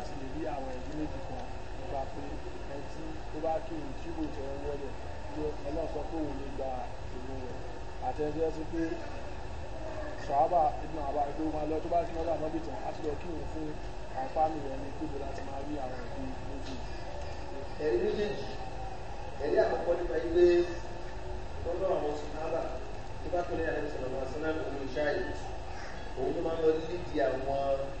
láti lè rí àwọn ẹ̀rí méjì kan nípa pé ẹni tí ó bá kí ní tí kò tẹ̀ wọlé pé ọlọ́run sọ pé òun lè gba ìlú rẹ̀ àtẹ̀jẹ́ sí pé sọ̀hábà ibn àbá ìgbó máa lọ tó bá sí lọ́dọ̀ àmọ́bì tán á ti lọ kírun fún àǹfààní rẹ̀ ní kébù láti máa rí àwọn ẹ̀rí méjì. ẹ̀rí méjèèjì ẹ̀rí àkọ́kọ́ nípa ilé tọ́lọ́ àwọn sọ̀hábà tó tó lé àlẹ́ sọ̀rọ̀ àwọn sọ́nà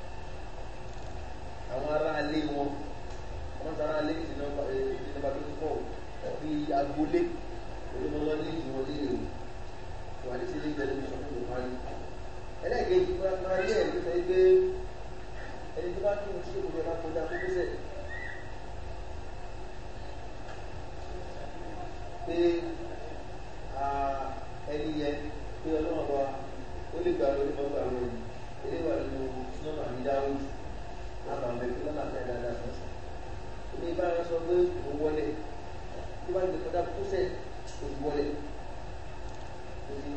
àwọn ará alé wọn wọn sara alé ti nọ́mbà ti nọ́mbà tó ti pọ̀ ẹbí agbolé olùmọlọ ní ìwọn líle o wà ní sílé ìbẹ̀rẹ̀ mi sọfún mi wáyé ẹlẹ́gẹ̀ẹ́jì fúnra fúnra yẹ ẹ̀mí sọ pé ẹni tó bá tún un ṣé òun bá kọjá tó kẹsẹ̀ pé ẹni yẹn pé ọlọ́run bá ó lè gbà lórí mọ́tò àwọn ẹni eléwà nínú nọ́mbà mi dáhùn àmà bẹ kí lọ́la fẹ́ dáadáa fún sí. Ilé ibà rẹ sọ pé kò wọlé. Bí wàá gbẹ̀kọ́ dá kúsẹ̀ kò wọlé. Bí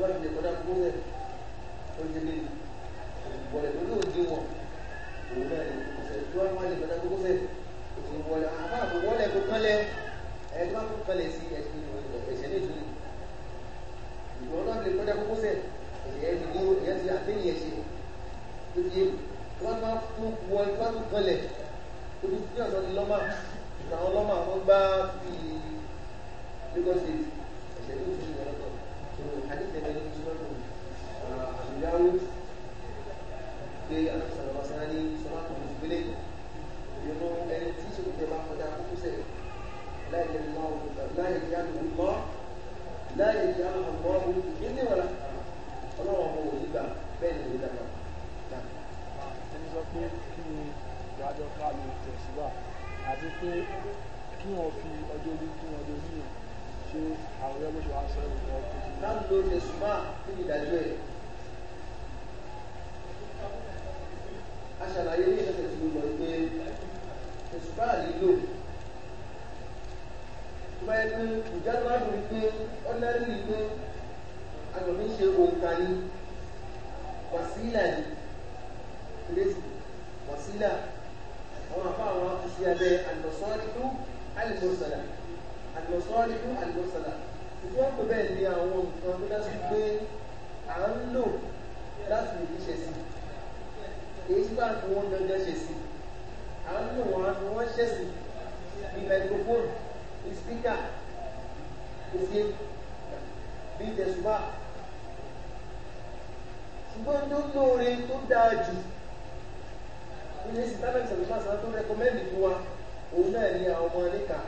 wàá gbẹ̀kọ́ dá kúsẹ̀ kò délé kò wọlé. Olú òdi wọn. Òun náà ni kúsẹ̀. Bí wàá gbẹ̀kọ́ dá kúsẹ̀ kò ti wọlé. Àbá kò wọlé kò kánlẹ̀. Ẹ bá kò kánlẹ̀ sí ẹ̀sìn ẹ̀sìn ní ìtúlẹ̀. Ìgbọ̀n náà gbẹ̀kọ́ dá kúsẹ̀. Ẹ̀yẹ́ ti gbó ẹ̀yẹ́ ti àtẹ́yìn ẹ̀sìn. Ó ti yé mi wọ́n máa fún wọn ipá tó kanlẹ̀ ojú tí ọ̀sán ni lọ́mà àwọn lọ́mà wọn gbá fi Lagos state ẹ̀sẹ̀ tó fi ìyẹn lọ́tọ̀ tó adìsẹ́gbẹ́ ní sọ́dọ̀ àmìyáwó pé àtúnṣe ọ̀sán ní sọ́mà tó fi gbélé ìrìnnà ẹni tí ìṣòro jẹ bá kọjá kókó sẹ̀ láì lè mọ láì lè yá lòun mọ́ láì lè yá lòun mọ́ òun ìdílé wọn la ọlọ́run ọmọ òní gbà bẹ́ẹ̀ ni òun sọ pé kí ni ìdájọ́ ká lè tẹ̀síwá àti pé kí wọ́n fi ọjọ́ orí kí wọ́n lórí yẹn ṣe àwọn ẹgbẹ́ ṣe wá sọ ìwọ ọkọ̀ sí. láti lo tẹ̀síwá kí ni ìdájọ́ ẹ̀. a ṣàlàyé ní ìṣẹ̀ṣẹ̀ tí mo lọ pé tẹ̀síwá lílò tó bá yẹ pé ìjánu á lórí pé ọ̀nà rí i pé àjọ̀mí ṣe òǹkà ni wàsílà ni rizqi wasila àwọn afọ àwọn iṣẹ́ abẹ alùsọ́ọ̀lù alùmọ̀sálà alùsọ́ọ̀lù alùmọ̀sálà ìfẹ́ ọ̀pẹ bẹ́ẹ̀ ni àwọn nǹkan tó dá sí pé à ń lò láti lè fi ṣe sí èyí tí bá fi wọn dandan ṣe sí à ń lò wọn fi wọn ṣe sí bí microphone bí speaker bí ṣe bí tẹ̀sùbà ṣùgbọ́n tó lóore tó dáa jù ní sí tánàkì sọ̀rọ̀ máa sàn tó rẹ́kọ́mẹ́ndì fún wa òun náà ní àwọn ọmọ níkà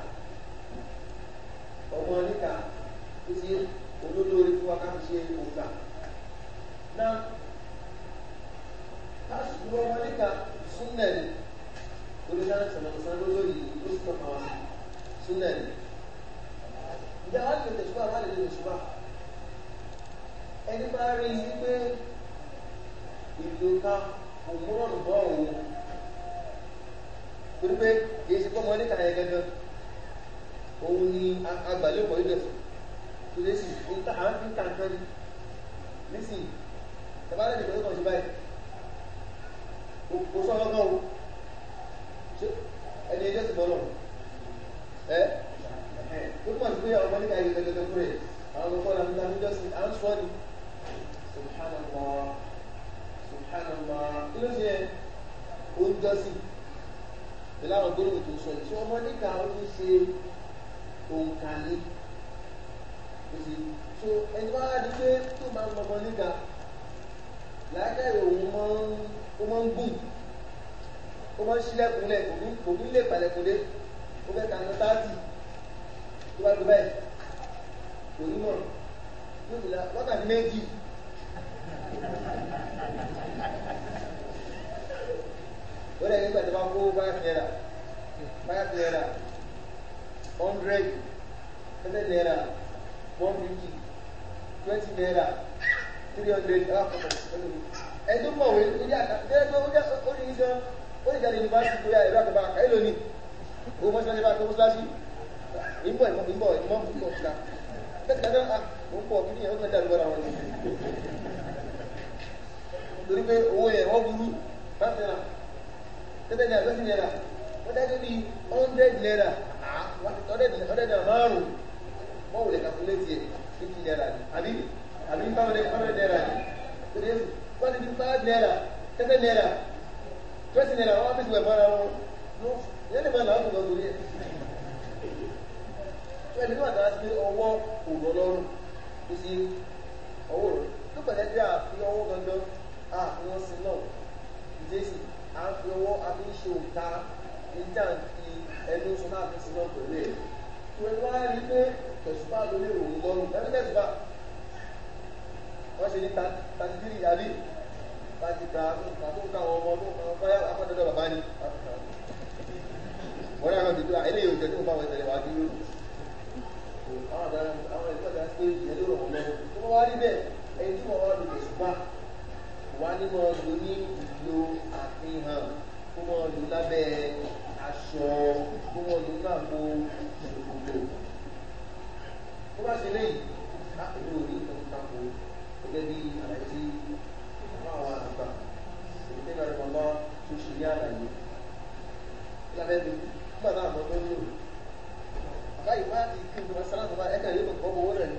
ọmọ níkà tó ti olólórí fún wa ká fi ṣe òǹkà náà lásìkò ọmọ níkà súnẹ̀lì torí tánàkì sọ̀rọ̀ sàn lólórí ló sì tọ́ka wa súnẹ̀lì ìjà wá lè tẹ̀síwá wá lè tẹ̀síwá ẹni bá rí i wípé ìlú ká òmùrọ̀lù bọ́ òun torí pé kì í ṣe pọ́ mọ́ ní kàyẹ gẹ́gẹ́ òun ni agbàlẹ́kọ̀ọ́ ilẹ̀ tó lé sí àwọn tí ń ta nǹkan ní sí ìtàbálẹ̀ nìkan tó kàn sí báyìí kò sọ lọ́gán o ẹni ẹjọ́ sì bọ́lọ̀ ẹ ó túmọ̀ sí pé ọmọ ní kàyẹ gẹ́gẹ́ kúrè àwọn ọmọ ọ̀la nígbà níjọ́ sí à ń sọ ni subhanallah subhanallah kí ló ṣe oúnjẹ sí pẹ̀lú àwọn gbólóhùn tó sọ yìí tí ọmọ níka ó ti ṣe òǹkà ní èsì tó ẹni bá di pé tó máa ń gbọmọ níka làákàyè òun máa ń gùn ó máa ń ṣílẹ̀kùnlẹ̀ kò ní lè pàlẹ̀kùnlé ó fẹ́ kàánú táàtì tó bá tó bẹ́ẹ̀ kò ní mọ̀ wákàtí méjì ó lẹ́yìn nígbà tó bá kó naira five naira hundred naira one fifty twenty naira three hundred alákọ̀ọ́kọ̀ ẹni tó mọ̀wé orí àtàkùn ó ní gan ó ní jáde yunifásitì tó yá ìlú àkọ́bá àkàyè lónìí owó mọ́síláṣí bá tó mọ́síláṣí ìmọ̀ ìmọ̀ ìmọ̀ ìmọ̀ ìmọ̀ ìmọ̀ bẹ́ẹ̀ dáadáa a ń pọ̀ kí ni ìyàwó náà dàgbà wọn lórí pé owó yẹn wọ́n tẹ́tẹ́ náà twenty naira wọ́n dájú bíi hundred naira hundred naira márùn-ún wọ́n wùlẹ̀ kàkúlẹ́tì ẹ̀ fifty naira ni àbí àbí hundred naira ni wọ́n ti di five naira tẹ́tẹ́ naira twenty naira wọ́n fi wẹ̀ mọ́ra wọn yẹ́n lè máa làwọn tó lọ torí ẹ̀ ẹni náà dáa sí ọwọ́ òrò ọlọ́run kò sí ọwọ́ òrò tó pẹ̀lẹ́ bí àfi ọwọ́ gangan àfihàn sí náà ìdésì à ń fi ọwọ́ àbí ṣe òǹkà níjà ti ẹnu sọ náà fi sinú pẹ̀lú ẹ̀. Ìwé wá rí pé tẹ̀sùbá lórí òun lọ́rùn ẹni tẹ̀sùbá. Wọ́n ṣe ní tàbí àbí láti gba àtúntà àwọn ọmọ ọdún kan fáyà akọ́dọ̀dọ̀ bàbá ni. Wọ́n náà ti dúrà eléyìí òjò tí mo bá wọn ìṣẹ̀lẹ̀ wá dúró. Àwọn àgbà àwọn ìṣẹ̀lẹ̀ wá nínú ọdún ní ìlò àfihàn kó mọ́ ọdún lábẹ́ aṣọ kó mọ́ ọdún náà kó ṣòkòtò tó bá ṣe léyìí láàbò ní ìtọ́kùtàkù gẹ́gẹ́ bí àlàyé tí àwọn àgbà èyí tẹ́lẹ̀ rẹ̀ mọ́mọ́ tó ṣe ní àlàyé lábẹ́ bí nígbà náà mọ́ tó ń lò àbáyé wá ti kí n bọ́ sáláàmù bá ẹ̀ka ìlú kọ̀ọ̀kan owó rẹ̀ ni.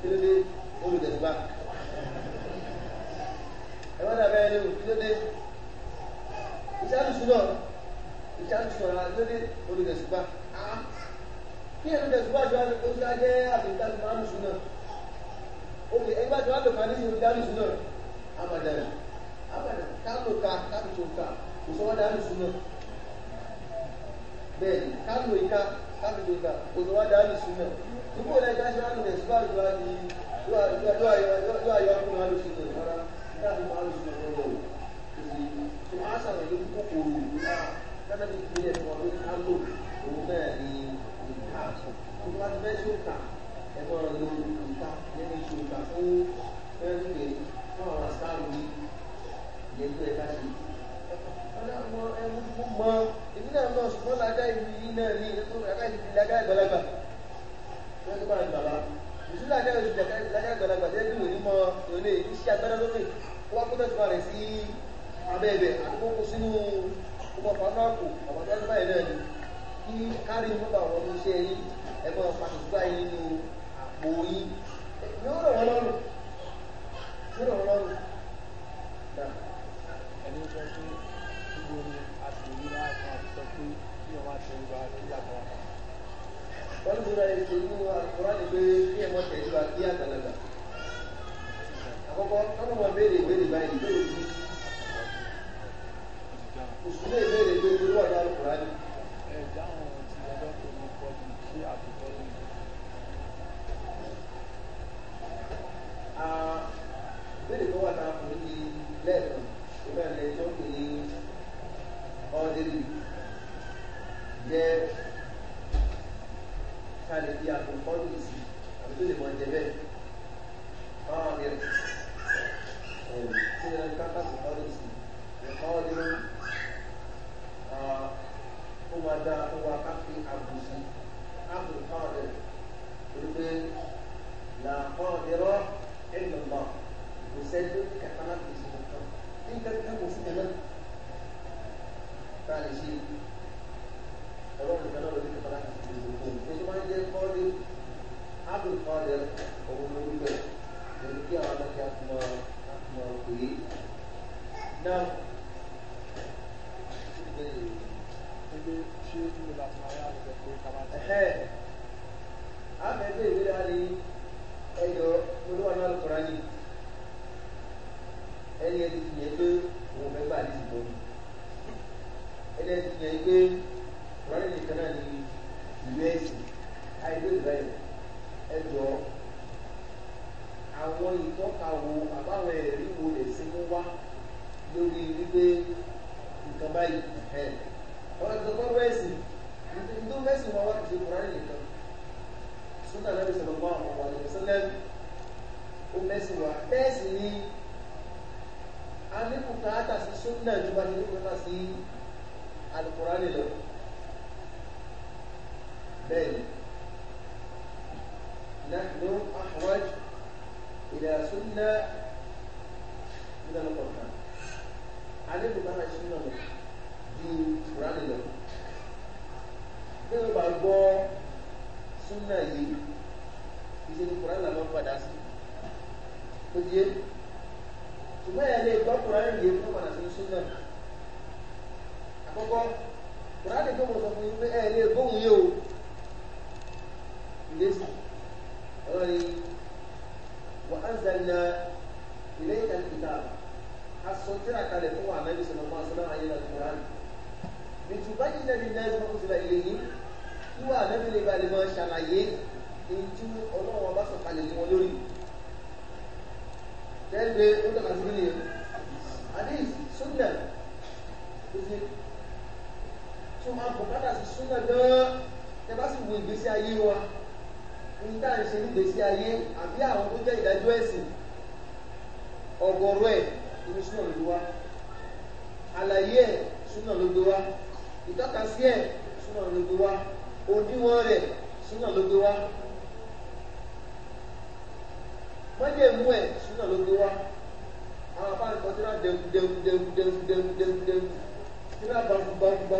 kí ló dé hold us back ẹ wọ́n dàbẹ̀ ẹni o kí ló dé iṣẹ́ àtúnṣe náà iṣẹ́ àtúnṣe náà kí ló dé hold us back kí ẹni tẹ̀sí wá jọ oṣù ajẹ́ àbẹ̀tàlù máa ń sùn náà oṣù ẹgbẹ́ tó wá lò kàn ní ìṣòro dánù sùn náà amadala amadala kálò ká kálò tó ká kò sọ wọ́n dánù sùn náà bẹ́ẹ̀ kálò ìka kálò tó ká kò sọ wọ́n dánù sùn náà ìbò ilẹ̀ gáàsì wà nílẹ̀ síbá ìlú àti ìlú àyọ̀ ọkùnrin máa lò sí ìlú rárá nígbà tó máa lò sí ìlú rẹ̀ èyí tó máa sàrẹ̀ lórí kòkòrò ìlú dáadáa ti fi ẹ̀fọ́ lórí ká lò òun náà ní ìta tó bá ti fẹ́ sóòtà ẹ̀fọ́ rẹ̀ lórí ìta nínú ìṣòòtà fún fẹ́ẹ́rì rẹ̀ fún àwọn sáà lórí ìyẹn tó ẹ̀ gáàsì ọlọ́run ẹ̀rú mọ́ ìbílẹ̀ náà ṣùgbọ́n ní ẹni máa gbà wá ìṣúná àti ẹ̀rọ ìjàkà lájà àgbàlagbà tẹ́ bí òní mọ òní iṣẹ́ agbára lókè kó wá kó tẹ̀síwá rẹ̀ sí abẹ́ẹ̀bẹ̀ àkókò kó sínú ọmọ fanáàkù ọmọ tẹ́ ẹni báyìí náà ni kí kárí ní bàbá àwọn oníṣẹ́ yín ẹ máa pàtàkì báyìí nínú àpò yín ní ó rọ̀ wọ́n lọ́rùn ní wọ́n ti rẹ̀ ṣe nínú àkùránì pé kí ẹ̀mọ́ tẹ̀lé wa kí àgbàlagbà. àkọ́kọ́ wọ́n mọ̀ béèrè ìbéèrè báyìí ìbéèrè yìí. òṣìṣẹ́ ìbéèrè pé olú àdá àkùránì. ẹ dáhùn ti ọjọ́ tó mú pọ̀ jù sí àtúntò yìí. béèrè tó wà náà fún ká lè fi àpò fọ́ọ̀lù yìí sí àbí tó lè mọ jẹ bẹ́ẹ̀ fáwọn rẹ̀ tí wọ́n ká ká àpò fọ́ọ̀lù yìí sí ẹ̀kọ́ ni ó máa dá ó wá ká fi àpò sí àpò fáwọn rẹ̀ torí pé làkọ́ ẹ̀rọ ẹ̀lọ́mọ kò sẹ́dọ̀ kẹta láti ìṣòro kan nígbà tí wọ́n kò sí ẹ̀rọ báyìí ṣe. ọlọ́run kan náà ló ní kí fọlá kìí ṣe gbogbo ohun tó máa ń jẹ́ kọ́lé ábùn kọ́lé òun ló wúlò lórí kí àwọn aláṣẹ àtúmọ̀ àtúmọ̀ pè é. náà ṣe ṣe tí mo láti máa yára rẹ̀ pé ká máa tẹ̀. àbẹ̀bẹ̀ ìwé àlè ẹ̀yọ olúwa náà lọ́kọ̀ọ́ra yìí ẹni ẹni ti yẹ pé òun mẹ́fà ní wọ́n ní nìkan náà ní ìlú ẹ̀sìn àìlú ìbẹ̀rẹ̀ ẹ̀jọ̀ àwọn ìtọ́ka wo àbáwọn ẹ̀rí wo lè sí mú wá lórí wípé nǹkan báyìí ẹ̀ ọ̀rọ̀ tó gbọ́ ẹ̀sìn nítorí mẹ́sìn wọn wá kì í kúránì nìkan súnà náà bẹ̀sẹ̀ lọ́gbọ́n àwọn ọmọ àlejò sílẹ̀ ó mẹ́sìn wa bẹ́ẹ̀ ni a ní kùkà átà sí súnà ìjọba ní kùkà sí alukùránì lọ́wọ́. بل نحن أحوج إلى سنة من القرآن علم بها السنة ju Kùránì lọ bí wọ́n bá gbọ́ súnà yìí ìṣe ni Kùránì làwọn padà sí ó di é ṣùgbọ́n ẹ̀ lè gbọ́ Kùránì yìí wọ́n padà sí súnà àkọ́kọ́ Kùránì tó mọ̀ sọ fún yín pé ẹ̀ lè gbóhùn yìí o lẹ́sìn ọlọ́run ni wọ́n á zanna ilé ìdàkìtà asọ̀tẹ́rà kalẹ̀ fún wa anábì sọ̀rọ̀ máa sọ̀rọ̀ ayé la kúrò án bìtú báyìí nàbí náà sọ̀rọ̀ kó sílẹ̀ ilé yìí kí wà anábì lè balẹ̀ máa ṣàlàyé ètú ọlọ́run ọba sọ̀kalẹ̀ fún wọn lórí ní tá à ń ṣe nígbèésí ayé àbí àwọn tó jẹ́ ìdájọ́ ẹ̀sìn ọ̀gọ̀rọ̀ ẹ̀ inú súnà ló wá àlàyé ẹ̀ súnà ló gbé wá ìtọ́ka sí ẹ̀ súnà ló gbé wá òdiwọ̀n rẹ̀ súnà ló gbé wá mọ́jẹ̀mú ẹ̀ súnà ló gbé wá àwọn afáàní kan tí wọ́n dẹ̀wù dẹ̀wù dẹ̀wù dẹ̀wù dẹ̀wù dẹ̀wù dẹ̀wù tí wọ́n bá bá bá bá bá bá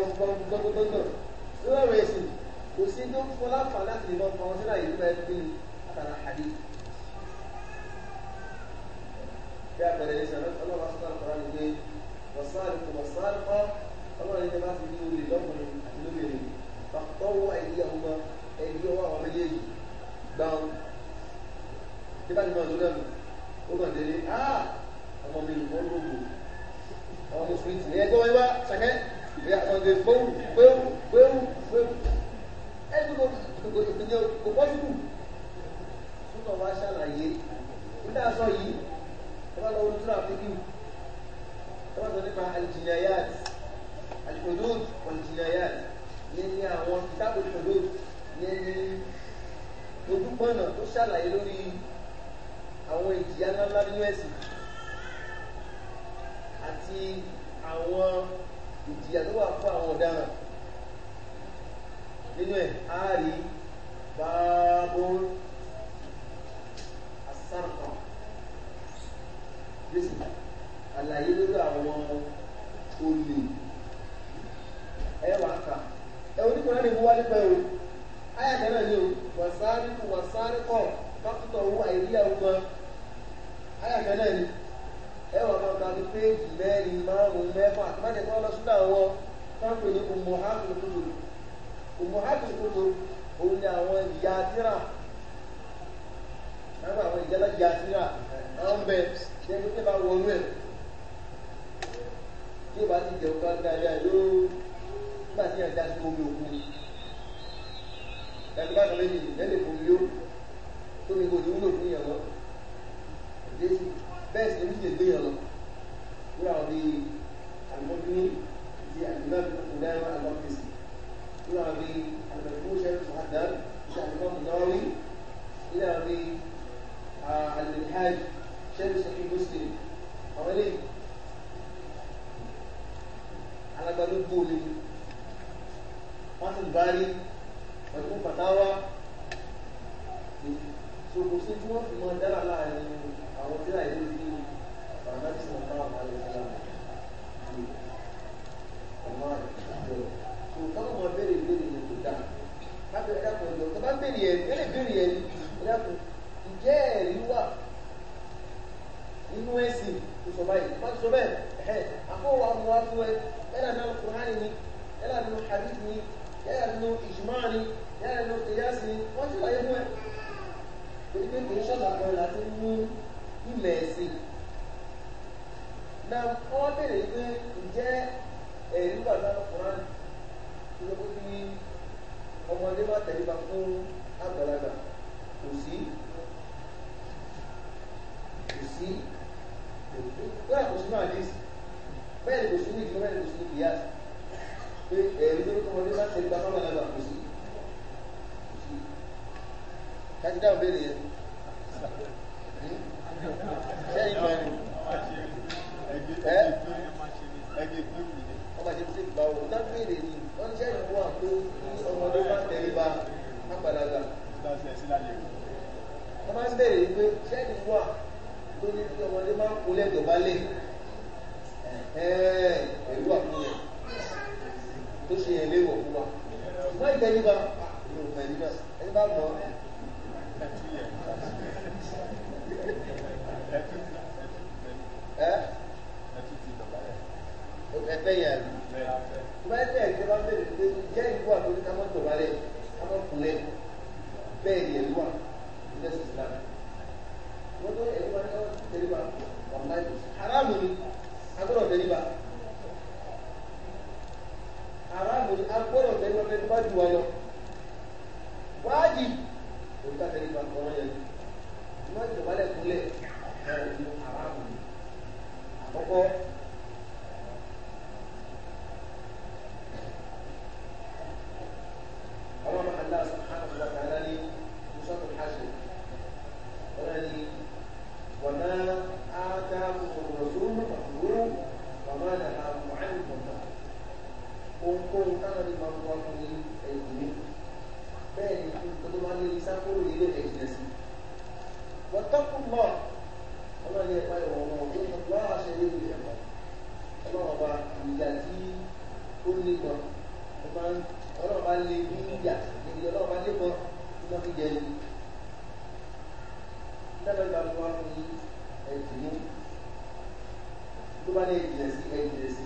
bá bá bá bá bá kò sí tó fún láǹfà láti lè mọ ọmọ ọdún láyé pẹ́ bí àtàrà àdé bí àpẹẹrẹ ìṣẹ̀lẹ̀ ọlọ́run aṣọ náà kọ́ra nígbé wọ̀sáàlì kò wọ̀sáàlì kọ́ ọlọ́run ẹni bá ti rí olè lọ́kùnrin àti lóbìnrin tọwọ́ ẹ̀dí ọmọ ẹ̀dí ọwọ́ àwọn méjèèjì gbáwọn tí bá ti mọ ọdún lẹ́nu ó kàn délé áà ọmọ mi lùkọ́ lóògùn ọmọ mi fún ìtìlẹ́yìn ẹgbẹ́ wọn bá ṣàkẹ́ ìyá àtọ́jú pẹ́wù pẹ́wù everybody kò ìpínlẹ̀ kò pọ́sibú súnà wá ṣàlàyé nígbà sọ yìí ẹ bá lọ wọn túnra fíkì ẹ bá sọ nípa aljinayat alkodod aljinayat yẹn ni àwọn kìtàbù kodod yẹn ni ojúpọ̀nà tó ṣàlàyé lórí àwọn ìjìyà ńláńlá nínú ẹ̀sìn àti àwọn ìjìyà tó wà fún àwọn ọ̀daràn nínú ẹ̀ á rí báábó asárùkọ gbèsè àlàyé lórí àwọn olè ẹ wà kà ẹ oníkùnrin ni mo wá nípa ẹ o ayàtọ̀ náà ni o wàsárìkù wàsárìkọ̀ kápútọ̀ owó àìríyá ọgbọ́n ayàtọ̀ náà ni ẹ wà máa ka ní péèjì mẹ́rin márùn-ún mẹ́fà àti má jẹ́ kí wọ́n lọ sínú àwọn táǹkì ní ọmọ hákùn òmùhàtì kúrò òun ni àwọn ìyá tíra àwọn àwọn ìjẹ́lá ìyá tíra àwọn bẹ ṣe kí ní bá wọnú ẹ̀ tí ó bá ti jẹun ká dáadáa yóò nígbà tí yàn já sí omi òkun ẹni bá kan lẹ́yìn lẹ́lẹ̀ fún yóò tó ní kò ní wúlò fún yàn lọ bẹ́ẹ̀ sì ní ti gbé yàn lọ wúlò àwọn bíi àmọ́bí àti àdúrà ìdáyàwó àgbàkẹ́sì إلى أبي المنفوس المحدد شيخ الإمام النووي إلى أبي المنهاج شيخ صحيح مسلم حوالي على باب البولي فتح الباري مجموع فتاوى so kò sí tí wọ́n fi mọ dára láàrin àwọn tí láì wọ́n ń bèrè ẹ̀rí ẹ̀rí bèrè ẹ̀rí ìdáàbò ǹjẹ́ ẹ̀rí wà nínú ẹ̀sìn ìsọ̀bá yìí wọ́n ti sọ bẹ́ẹ̀ ẹ̀ àkọ́wọ́ àwọn wa fún ẹ yálà nínú kùránì ni yálà nínú hadith ni yálà nínú ìjùmọ̀ ni yálà nínú kìyàsí ni wọ́n ti láyé fún ẹ. torí pé kìí ṣọ́ọ̀bà kan láti mú ìmọ̀ ẹ̀sìn na wọ́n bèrè pé ǹjẹ́ ẹ̀rí wà nínú kùránì ìjọba ọmọdé má tẹríba fún àgbàlagbà kò sí kò sí kódà kò sínú àdéhìsì bẹ́ẹ̀ ni kò sínú ìdílé bẹ́ẹ̀ ni kò sínú ìyáàsì pé ẹ̀rí lórí ọmọdé má tẹríba fún àgbàlagbà kò sí kò sí kájí dáhùn bẹ́ẹ̀ nìyẹn sẹ́yìn mẹ́rin ẹ́ làwọn ọ̀dá béèrè ni wọ́n jẹ́ ìwọ́ àpé ọmọdé bá tẹ̀lé bá àgbàlagbà. wọ́n máa ń béèrè pé ṣé ìwọ́ tó ní kí ọmọdé máa ń kulẹ̀ dọ̀bálẹ̀ pẹ̀lú àkúrẹ̀ tó ṣe yẹn léwọ̀ fún wa. wọ́n ìtẹ́lẹ́bà ní òun tẹ̀lẹ́bà ẹni bá mọ̀ ọ́. ẹ́ ẹfẹ yẹn àbí ìgbà tí ẹgbẹ bá bẹ̀rẹ̀ pé jẹ ìlú àbí oníkà má tọ̀ ni ẹlú à ní ẹsẹ̀ ìlà wọn ni agbọ́dọ̀ tẹlẹ wa aráàlú ni agbọ́dọ̀ tẹlẹ wa tẹlẹ wa ju wa lọ wáàdì oníkà tẹlẹ wa kọ́ yẹn ìgbà tí ìjọba lẹ kulẹ̀ اللهم الله سبحانه وتعالى لي مصاب الحسن ولي وما آتاكم الرسول فخذوه وما نهاكم عنه فانتهوا ohunkóhun táwọn ní máa ń wá fún ní ẹ̀yìn mi bẹ́ẹ̀ ni nǹkan tó máa ń lé ní sáfóró ilé ẹ̀jìnlẹ̀ sí ọlọ́run bá lé ní ìyà èyí ọlọ́run bá lé bọ́ ní wọ́n fi jẹ ní. Tẹ́lẹ̀ ìgbà mi wá fún ẹ̀jì mú. Tó bá ní ẹ̀jì rẹ̀ sí ẹ̀jì rẹ̀ sí.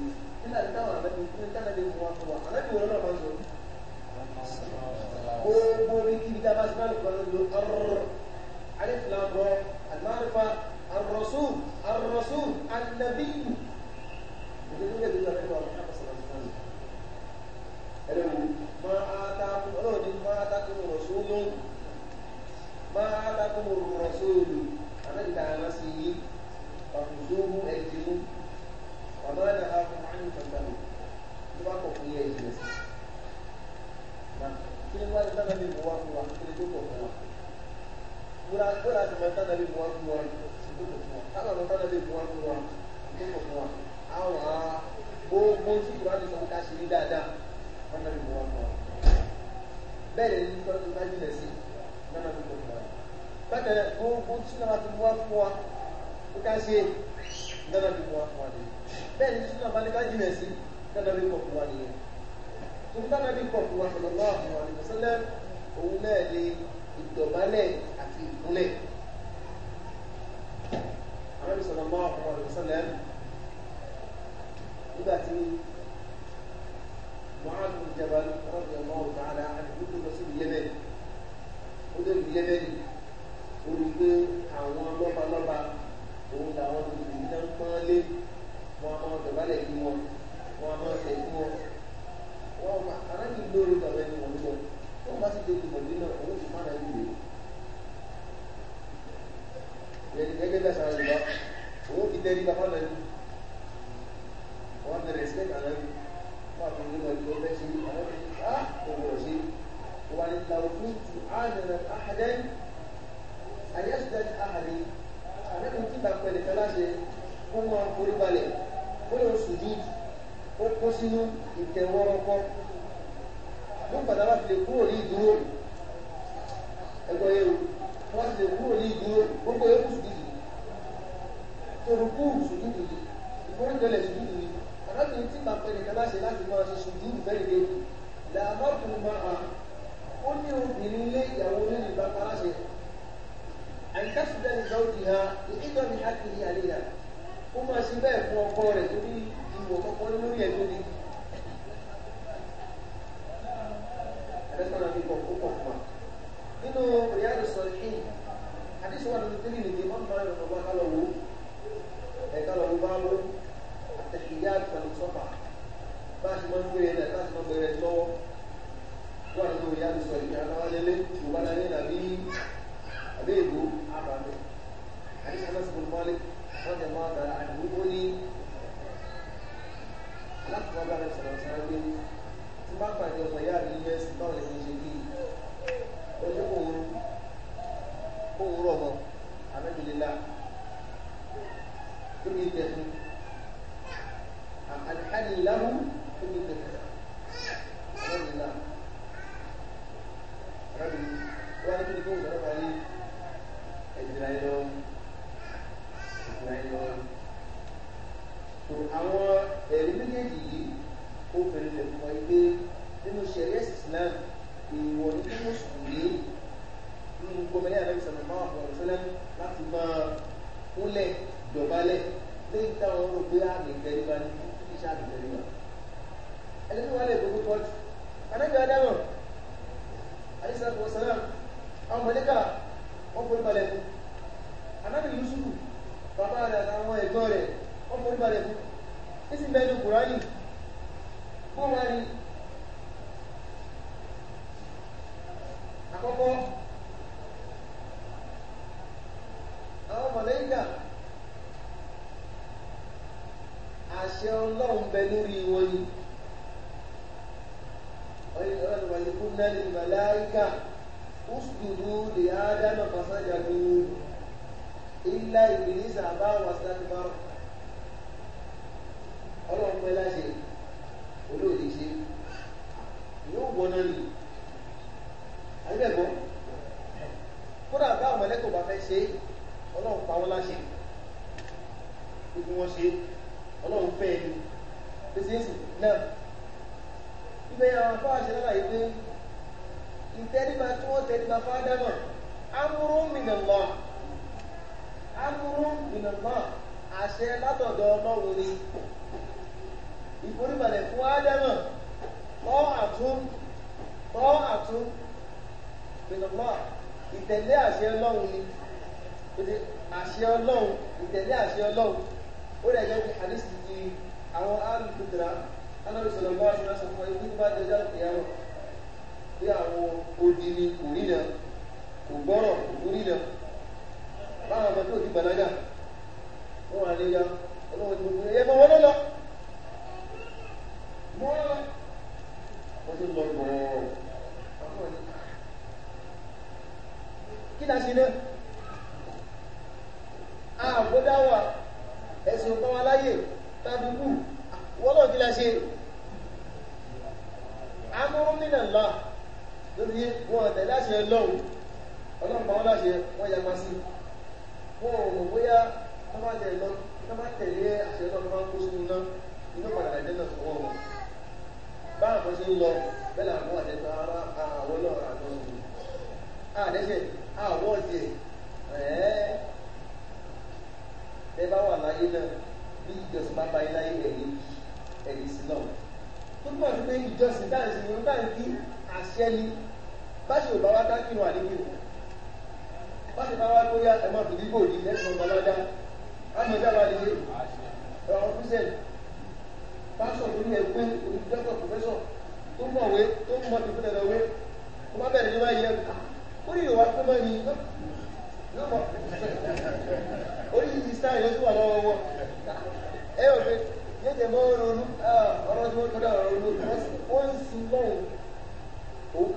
bẹ lórí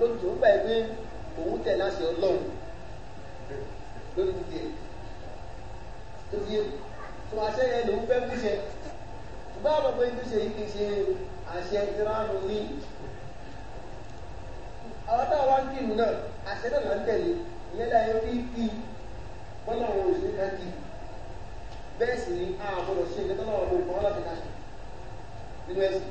tó ń tòun gbà yìí pé òun tẹ̀ láṣẹ ọlọ́run lórí ti tiẹ̀ tó fi tó àṣẹ yẹn lòun fẹ́ fi ṣe ṣùgbọ́n àwọn ọmọ ibi ṣe yìí kì í ṣe àṣẹ ìdíráàlú ní àwọn táwọn wá ń kírun náà àṣẹ náà là ń tẹ̀lé ìyẹn láyé fi kí bọ́lá àwọn òṣèlú ká kí bẹ́ẹ̀ sì ni a àbọ̀dọ̀ ṣe ìgbẹ́ tọ́lá ọ̀rọ̀ òkun ọlọ́sẹ̀ ká nínú ẹ̀sìn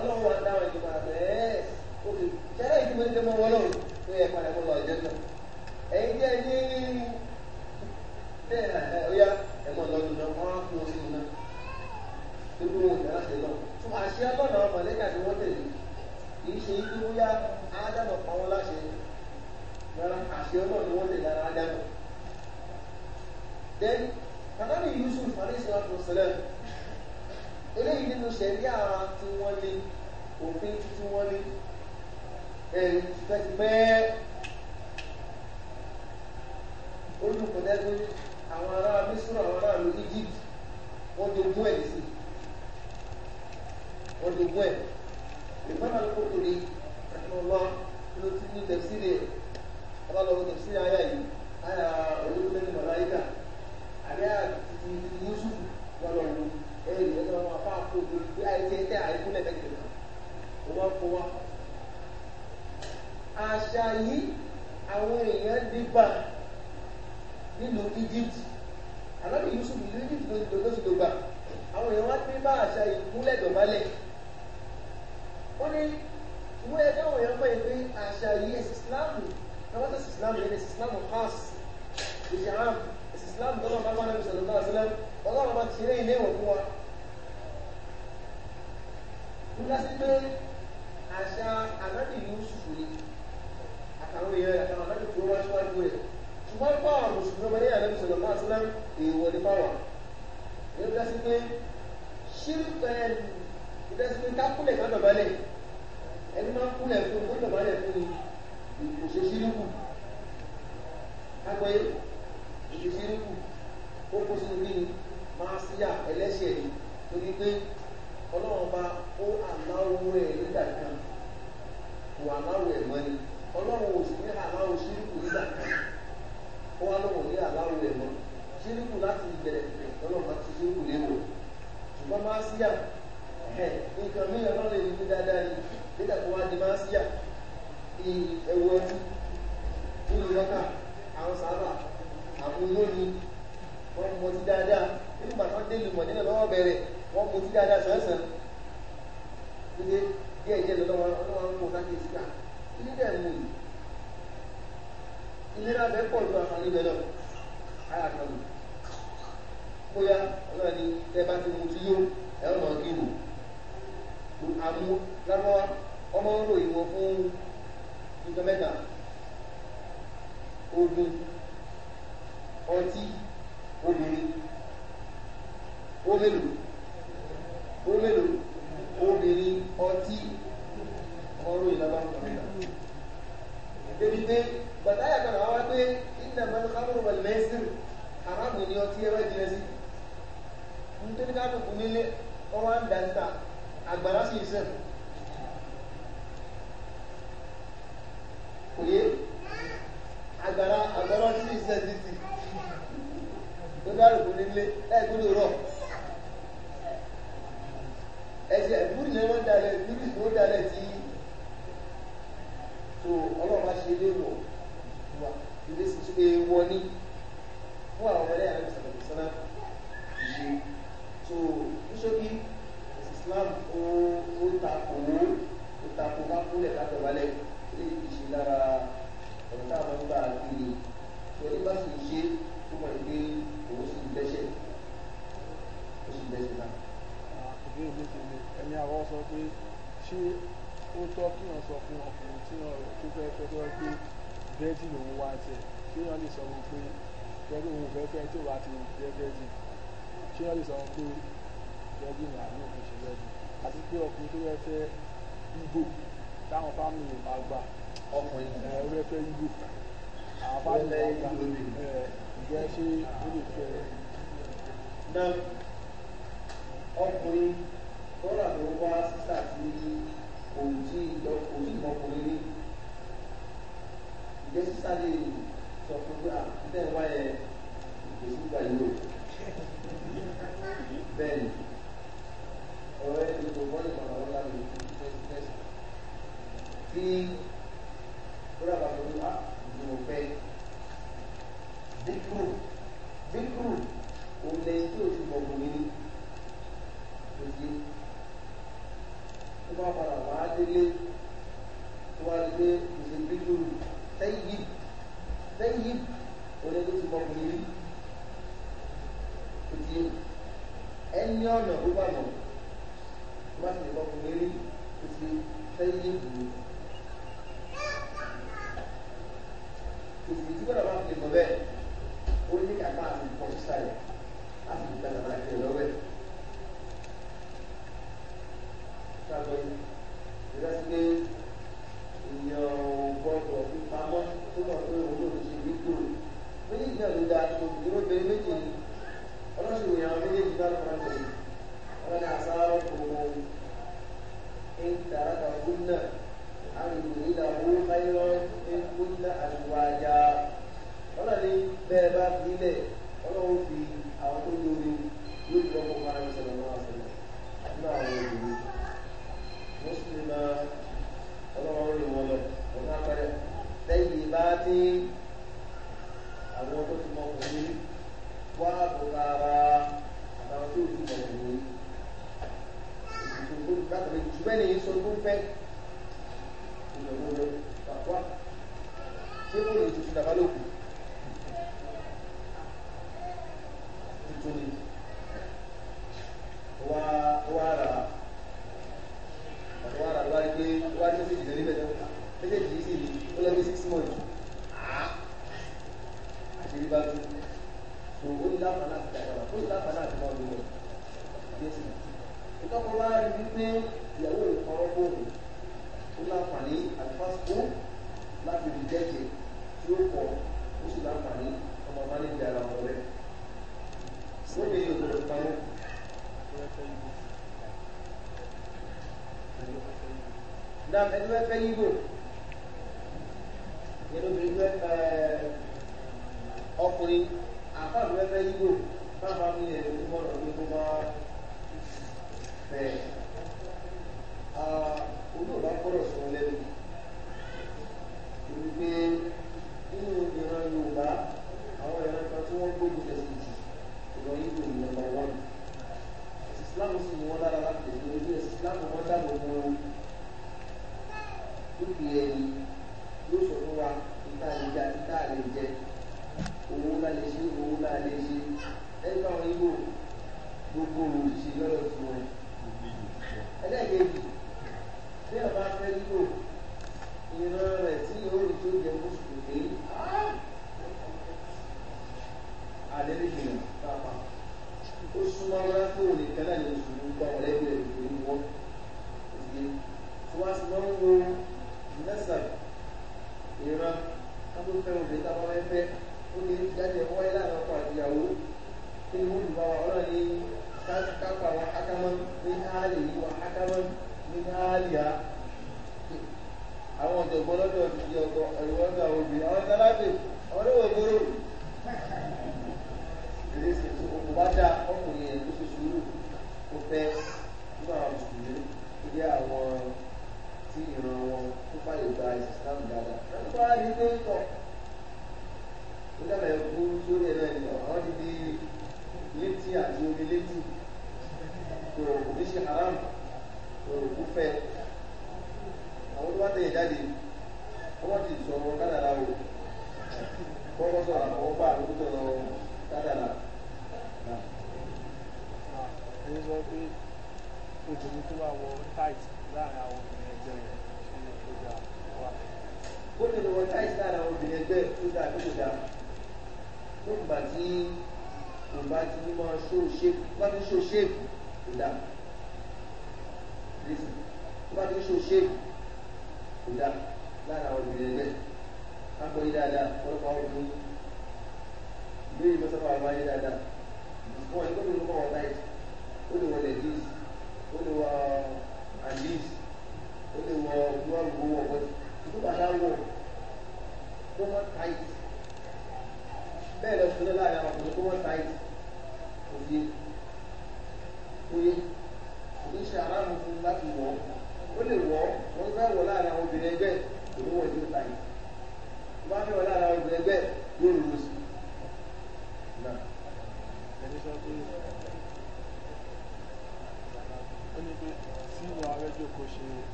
ọlọ́run wa dáhùn ìjọba bẹ́ẹ̀ òkè sẹ́lẹ̀ ìdúmọ̀ ní tẹ́mọ̀ wọlọ́ ó yẹ padà kó lọ ọ̀jẹ́ náà ẹ̀yin jẹ́ ní bẹ́ẹ̀ ọ̀yá ẹ̀mọ́ lọ́dún náà wọ́n á kú oṣù náà nínú ìdáláṣẹ náà fún àṣẹ ọlọ́nà mọ̀lẹ́kà tí wọ́n tẹ̀lé kì í ṣe ibi wúyá ádámọ̀ then kàdáni Yusuf alayhisalatu wasalam eléyìí nínú sẹ̀ríà tí wọ́n ní òfin tí wọ́n pẹ́ olùkọ́dẹ́gbẹ́ àwọn ará mísúrò àwọn ará ìlú Egypt wọ́n dogun ẹ̀ sí wọ́n dogun ẹ̀ ìgbọ́n náà kò tóri ẹ̀fọn ọlọ́ ló ti ní tẹ̀síìrì ẹ̀ ọlọ́lọ́wọ́ tẹ̀síìrì ayá yìí ayá olùkọ́dẹ́gbẹ́ mọ̀láyíkà àbí àti Yusuf lọ́lọ́run ẹ̀yìn ìyẹn tó àṣà yìí àwọn èèyàn dìgbà nílùú Egypt alábì Yusuf ìlú Egypt ló ti lọ sí dògbà àwọn èèyàn wá pín bá àṣà ìkúnlẹ̀ dọ̀bálẹ̀ ó ní wọ́n yẹ káwọn èèyàn mọ̀ yìí pé àṣà yìí ẹ̀sìn Islamu náà wọ́n tẹ̀sí Islamu yẹn ẹ̀sìn Islamu khas ìṣẹ̀ àm ẹ̀sìn Islamu tó máa bá nàbì sọ̀rọ̀ náà sílẹ̀ ọlọ́run bá ti rí ilé ìwọ̀n fún wa. nígbà sí pé àṣà alábì Yusuf yìí àtàwọn èèyàn àtàwọn àbájọ tó wá síwájú rẹ̀ ṣùgbọ́n pàwọ̀ mùsùlùmí ọmọ yẹn àlẹ́ sọ̀rọ̀ máa sílá èèwọ̀ ní pàwọ̀ ní ó dásí pé ṣírùpẹ̀ ìdásí pé kákúlẹ̀ ká dọ̀bálẹ̀ ẹni máa kúlẹ̀ fún ó dọ̀bálẹ̀ fún ni kò ṣe ṣírùkù kápẹ́ ìṣe ṣírùkù ó kó sínú kí ni máa síyà ẹlẹ́ṣẹ̀ ọlọ́run ò sì ní aláwọ̀ síríkù nígbà kan ó wá lọ́wọ́ ní aláwọ̀ rẹ̀ mọ́ síríkù láti ìbẹ̀rẹ̀ ọlọ́run bá ti síríkù léwọ̀ ṣùgbọ́n máa síyà ẹ̀ nǹkan mìíràn náà lè ní dáadáa ni nígbà tó wá di máa síyà ẹ̀wù ẹtí nínú lọ́kà àwọn sábà àwọn olóyìn wọ́n mọ ti dáadáa nígbà tó dé lùmọ̀ nílẹ̀ lọ́wọ́ bẹ̀rẹ̀ wọ́n mọ ti dáadáa sọ̀ọ́sàn díẹ̀ díẹ̀ lọ́wọ́ wọn kò sáké síkà ìdí dẹ̀ wù mí ìnira bẹ́ẹ̀ pọ̀ ju àwọn níbẹ̀ lọ ara kan lò bóyá ọlọ́run ni tẹ́ bá ti mu ti yó ẹ ọ̀nà gírù àmú lámọ́ ọmọ ń ròyìn wọn fún nǹkan mẹ́ta ogun ọtí obìnrin ó mélòó ó mélòó obìnrin ọtí ọ̀rọ̀ ìlọ́lọ́ débi pé bàtà yà kan àwọn pé ìdá máa ń kábọ̀rọ̀ wà lẹ́sìn haramu ni ọtí ẹwà jìnnà sí nítorí ká lóko nílé ọwọ́ ń dàńtà àgbàrá sì sẹ́ kò yé àgbàrá àgbàrá sì sẹ́ títì tó bá lóko nílé ẹ̀ tó lè rọ̀ ẹsẹ̀ ẹ̀dúrì lẹ́wọ́n dalẹ̀ ẹ̀dúrì tó dalẹ̀ tí so ọlọ́run bá ṣe léwọ̀ wà ilé sì tún èèwọ̀ ní fún àwọn ọmọdé àwọn ìsàlẹ̀ sọ́nà ìṣe so níṣókí ẹ̀sìn Islam ó takò ó takò ká kúlẹ̀ ká tọ̀wálẹ̀ ilé ìṣe lára ọ̀rọ̀ tá a máa ń gbà kiri so ẹni bá sì ṣe ó mọ̀ pé òun sì dẹ́ṣẹ̀ ó sì dẹ́ṣẹ̀ náà. àkùdé ìlú ti ní ẹni àwọn sọ pé ṣé ó tọ́ kí wọ́n sọ fún ọkùnrin tí wọ́n rẹ̀ tó fẹ́ fẹ́ tó pé bẹ́ẹ̀dì lòun wá jẹ kí wọ́n lè sọ wọn pé pẹ̀lú òun fẹ́ fẹ́ tó bá ti jẹ́ bẹ́ẹ̀dì kí wọ́n lè sọ wọn pé bẹ́ẹ̀dì ni àánú kò ṣe bẹ́ẹ̀dì àti pé ọkùnrin tó fẹ́ fẹ́ igbó táwọn fámìlì máa gbà ọkùnrin ẹ̀ fẹ́ fẹ́ igbó àwọn fámìlì máa gbà ẹ̀ ǹjẹ́ ọkùnrin tó rà ló wá sísà sí kò tí lọ kò tí mọ kò rí rí ìjẹ́ sísá lè sọ fún pé àtúntẹ̀ wá yẹ ìgbésí gbà yìí o bẹ́ẹ̀ ni ọ̀rẹ́ ìdìbò wọ́n lè mọ̀nà wọn lábẹ́ ìfẹ́sìfẹ́sì tí bóra bàbá mi á ìdìbò pẹ́ dínkù dínkù òun lẹ́yìn tí o ti mọ̀ kò rí rí o ti tó bá padà wá délé tó wá délé ìṣèlú tẹ́yì tẹ́yì oní tó ti mọ kùnrin rí tó ti ẹni ọ̀nà tó bá mọ̀ tó bá ti mọ kùnrin rí tó ti tẹ́yì bùrù. òfin tí gbọ́dọ̀ máa ń pè mọ́ bẹ́ẹ̀ ó ní kàkà àti pọ̀ sísàlẹ̀ láti ṣàbẹ̀yìn ìrẹsìlẹ̀ èèyàn gbọ́dọ̀ fi pamọ́ tó mọ̀ pé òun yóò ṣe wípò méjì náà ló dáa tó ìdúró bẹ̀rẹ̀ méjì ọlọ́sùn ìyàwó méjèèjì bá lọ́wọ́ tẹ̀lé wọn ni àṣàrò kò ń tàràkà kúnnà un mùsùlùmá ọlọ́run rìn wọn lọ wọn náà pẹ́rẹ́ lẹ́yìn bá dé àwọn tó ti mọ ọkùnrin wá bùkà ara àtàwọn tó ti mọ ọkùnrin ìṣòro látàrí jùmẹ́ ní sọ tó fẹ́ ìṣòro lọ pàpà ṣé kò فيبوح bá wọ̀ láàrin àwọn obìnrin ẹgbẹ́ òun wọ̀ ní ìta yìí tó bá ní wọ̀ láàrin àwọn obìnrin ẹgbẹ́ yóò lù ú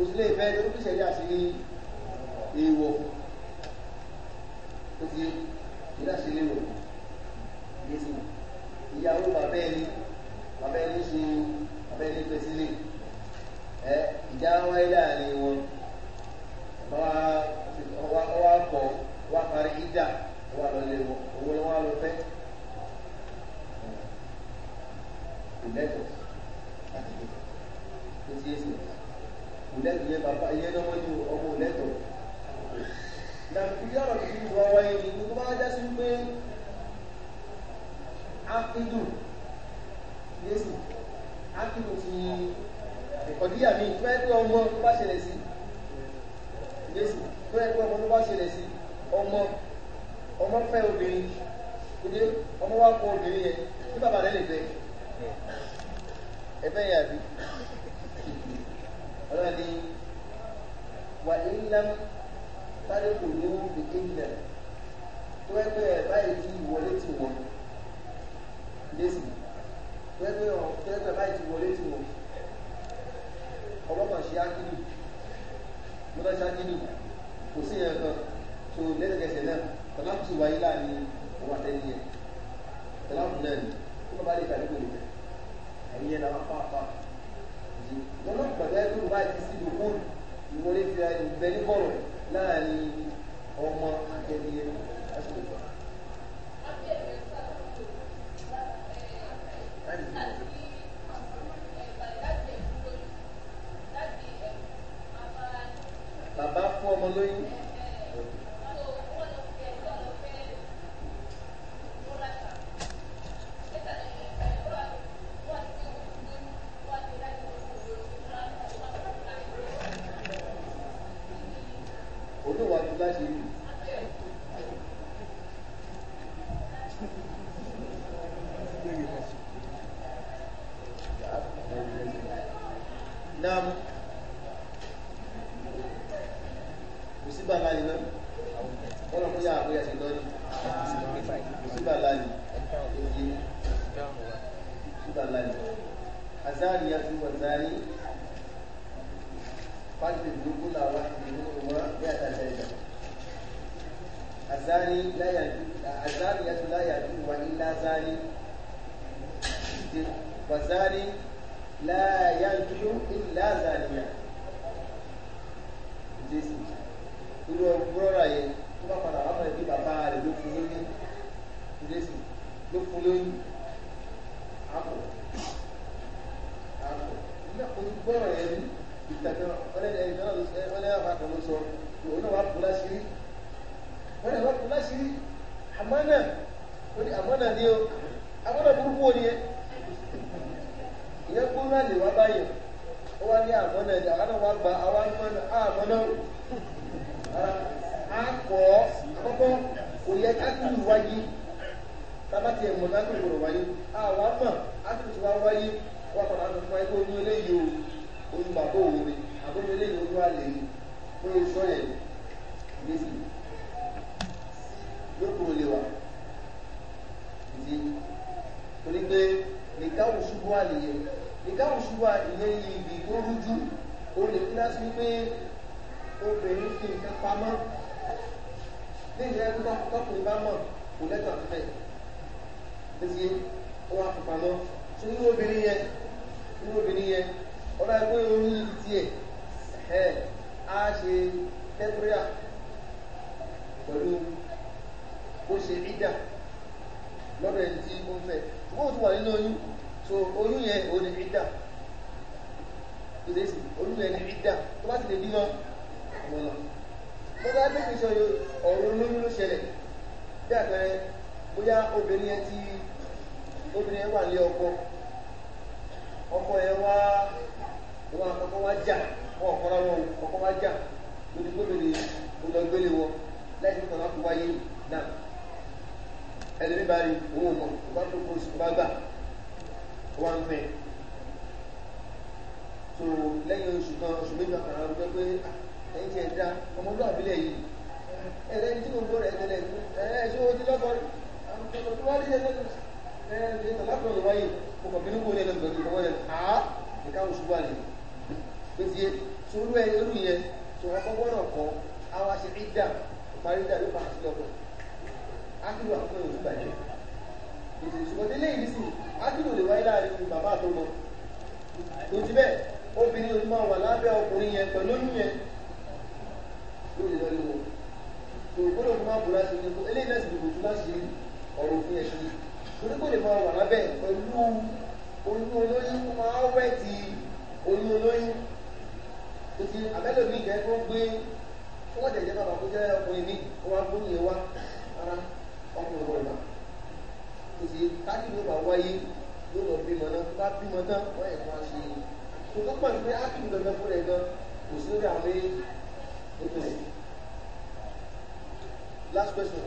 kò sí lè fẹ́ lórí ìṣẹ̀lẹ̀ àti èèwọ̀ ó ti ìdáṣe léwọ̀ ní ti ìyàwó bàbá ẹni bàbá ẹni ṣe bàbá ẹni pẹ́ sílé ẹ ìjà wáyé láàrin wọn wá kọ wá parí ìjà wá lọ lé wọn owó ni wọn lọ fẹ́ ìlẹ́tọ̀ láti gbé ó ti yé sí lẹ́nu yẹn bàbá yẹn náà wọ́n ní ọmọ lẹ́tọ̀ ìdàkùnrin ọ̀rọ̀ kìí ju ọwọ́ yẹn ní gbogbo bá jásí pé ákídù yéésì ákídù ti ìkọ̀díyà mi tó yẹ pé ọmọ tó bá ṣẹlẹ̀ sí yéésì tó yẹ pé ọmọ tó bá ṣẹlẹ̀ sí ọmọ ọmọ fẹ́ obìnrin kúndé ọmọ wa kọ obìnrin yẹn ní bàbá rẹ̀ lè fẹ́ ẹ̀fẹ́ yẹn àbí ọlọ́ni wà ní ńlá tálẹ́kù ní èké ilẹ̀ tó ẹgbẹ́ ẹ̀ báyìí kí ìwọlé ti wọ̀ lẹ́sìn tó ẹgbẹ́ ọ̀ tó ẹgbẹ́ báyìí kí ìwọlé ti wọ̀ ọlọ́mọ̀ ṣe ákìlì mọ́tò ṣe ákìlì kò sí yẹn kan tó lẹ́sẹ̀kẹsẹ̀ náà tọ́lá ti wáyé láàrin òun àtẹ́ni yẹn tọ́lá náà ni kó bá lè tàbí kò lè tẹ̀ ẹ̀yìn yẹn náà fáfáà wọn mọ̀ pẹ̀lú ẹgbẹ́ wa ti sí ìlú kóòtù ìwọlé fi ìgbẹ́ ní bọ̀rọ̀ láàrin ọmọ akẹ́lẹ́ lásìkò ìgbà. Bàbá fún ọmọ lóyún. àwa ah, mọ̀ ásìkò tí wàá wáyé wọ́n padà ń fún ẹgbẹ́ oyún eléyìí o oyún bàbá òun ni àbóyún eléyìí oyún àlè yìí oyún sọ yẹn méjì yóò kúrò lè wà ìdí torí pé nìkan òṣùbù àlè yẹn nìkan òṣùbù àlè yìí ibi tó rújú o lè fi pé obìnrin fi nǹkan pamọ́ ní ìyẹn tó tọkùnrin bá mọ̀ kò lẹ́tọ̀ọ́ fẹ́ bẹ́sẹ̀ ó wá fi pamọ́ tí inú obìnrin yẹn inú obìnrin yẹn ọ̀rọ̀ ẹgbẹ́ oyún ibi tiẹ̀ ẹ̀ á ṣe tẹ́búrẹ́à pẹ̀lú bó ṣe rídà lọ́dọ̀ ẹni tí ó ń fẹ́ ṣùgbọ́n ó tún wà nínú oyún so oyún yẹn ò ní rídà ìdésì oyún yẹn ní rídà ni bá ti lè bímọ àwọn náà mo bá dé kìí ṣe ọ̀rọ̀ olóyún ló ṣẹlẹ̀ bí àpẹẹrẹ bóyá obìnrin yẹn ti obìnrin yẹn wà lé ọkọ ọkọ yẹn wá ìwà àkọ́kọ́ wá jà wọn ọ̀kọ́ra wọn ọkọ wá jà lórí gómìnà olùgbélé wọn lẹ́yìn kan láti wáyé náà ẹlẹ́rìí bá rí owó mọ̀ ó bá tó kó oṣù bá gbà ó wá ń fẹ́ tó lẹ́yìn oṣù kan oṣù méjì kan àwọn ọjọ́ pé ah, ẹ̀yìn tí ẹ̀ dá ọmọlúwàbí lẹ̀ yìí ẹ̀rẹ́ tí mo gbọ́ rẹ̀ tẹ́lẹ̀ ẹ̀rẹ́ ṣé o ti lọ́kọ̀ọ́ àwọn ọmọ tó wá lé ẹ̀ lọ́kọ̀ọ́ eh ta lafi da wai ko ka bin ko ne nan bari ko wannan a ni ka musu bani ko ye so wa ko wona ko àwa ṣe idda parí da ru pa si lo ko akidu akọ yo ba je ètò ìṣùgbọ́n délé yìí sì akidu lè wáyé láàrin bàbá tó mọ tó ti bẹ́ẹ̀ obìnrin ojú máa wà lábẹ́ ọkùnrin yẹn pẹ̀lú oyún yẹn ló lè lọ́ọ́ lé wọn tó gbọ́dọ̀ torí kò lè máa wà lábẹ́ pẹ̀lú oyún olóyún ó máa wẹ̀ ti oyún olóyún kò sí abẹ́lẹ̀mí ìjẹ́ tó gbé wọ́n jẹ̀jẹ̀ bàbá kó jẹ́ ọkùnrin mi ó wá gbóyè wá rárá ọkùnrin wọn wà kò sí tájì ló bá wáyé ló lọ bímọ náà tó bá bímọ náà wọ́n yẹ kó wá ṣe kò tó pàdé pé ákìlù dandan fún rẹ̀ gan kò sí lórí àwọn ètò last question.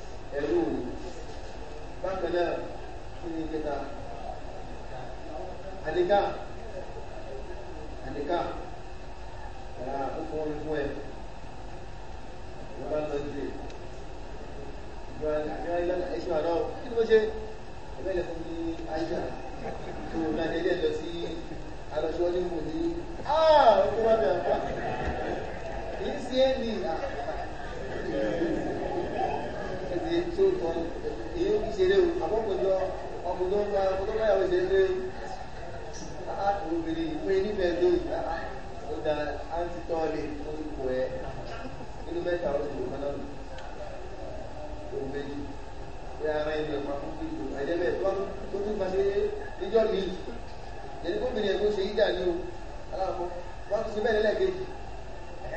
ẹ̀rú òun bákan náà kí ni kíta àdìká àdìká ẹ̀rọ àkókò orí fún ẹ̀ wọ́n bá lọ sí ìjọ àjọ ìlànà ẹ̀ṣọ́ àná kí ni mo ṣe ẹ̀bẹ́ ilẹ̀ fún mi àyíká tó láti ilé ẹ̀jọ́ sí alọ́ṣọ́ ní mò ní áà ah! ó bá bẹ̀rẹ̀ fún kì í ṣe é ní àkókò. Ah! so nǹkan èyí ń ṣeré o àkókòjọ ọmọ tó ń bá ọmọ tó báyàwó ṣeré obìnrin ìpín níbẹ̀ lóyún ó da àǹtí tọ́ọ̀lì orúkọ ẹ nínú mẹ́ta oṣù ló kánà lò òun méjì pé ara ẹni ọ̀pá fún bí ìlú àìdẹ́bẹ̀ tó tún máa ṣe níjọ́ mi yẹn kó obìnrin ẹ̀kọ́ ṣe yídà ní o aláàbọ̀ wọ́n tún ṣe bẹ́ẹ̀ lẹ́lẹ́kejì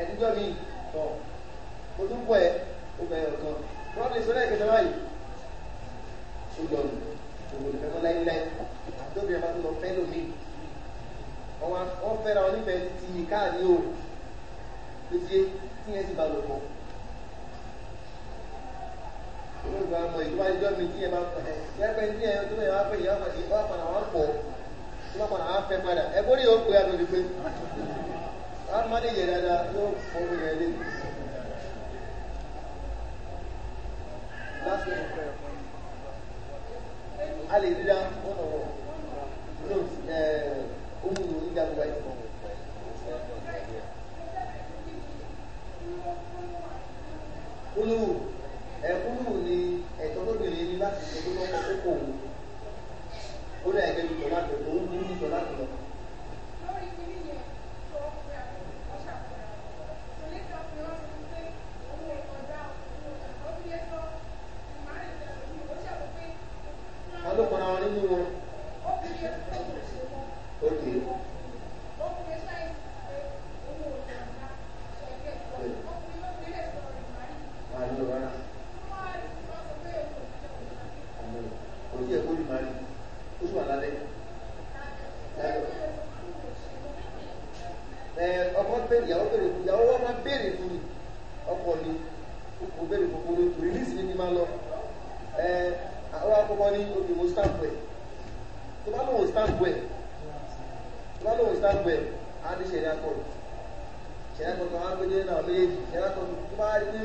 ẹ̀ mi tọ̀ ó tún pọ̀ ẹ́ ó bẹ̀rẹ̀ ọ̀kan wọ́n ní ìṣẹ́lẹ̀ ìkẹta báyìí ó lọ nù òwò ìfẹ́ mọ́ láíláí àdóbi ọba tó lọ fẹ́ lómi wọ́n fẹ́ra wọn nífẹ̀ẹ́ ti yí káàdì o pété tí yẹn ti bá lò pọ̀ olóògbé àwọn ìjọba ìjọ mi tí yẹn bá fẹ́ yẹ́pẹ́ tí yẹn tó yẹn wá fẹ́ yẹn wá padà wá pọ̀ tí wọ́n padà wá fẹ́ padà ẹ̀ bórí yóò pé àtòlù pé wọ́n á má lè yẹ dáadáa yóò fọ́ mi yẹn lé. a lè rí ra ọ̀nà ohun oníjàgbá ìfọ̀. Olúwo ẹ̀kúrú ni ẹ̀tọ́ lóbìnrin ní láti ṣe tó lọ́kọ̀ kókò òun. Ó ní àìkẹ́ ìtọ̀ láti òun ní ìtọ̀ ní olùwò stamp ẹ̀ tó bá lòun stamp ẹ̀ tó bá lòun stamp ẹ̀ á ní ṣẹ̀rí akọ̀rọ̀ ṣẹ̀rí akọ̀rọ̀ á gbé nínú àwọn méjèèjì ṣẹ̀rí akọ̀rọ̀ tó bá rí pé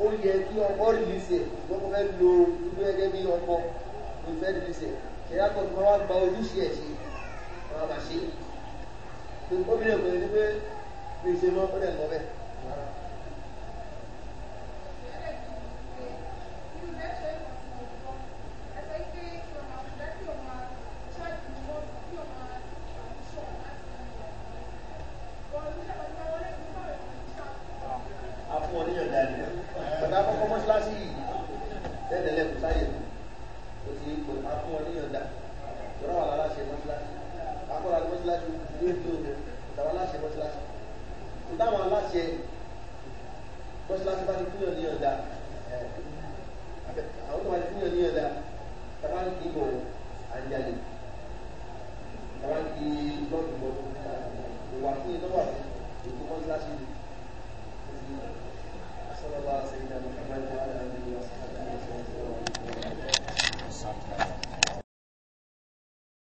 ó yẹ kí ọkọ rìlísì ẹ̀ wọ́n fẹ́ lo irú ẹgẹ́ bí ọkọ ló fẹ́ rìlísì ẹ̀ ṣẹ̀rí akọ̀rọ̀ máa wá gba ojúṣe ẹ̀ ṣe máa bà ṣe obìnrin kò ní pé gbèsè mọ́ ó dẹ̀ lọ bẹ́ẹ̀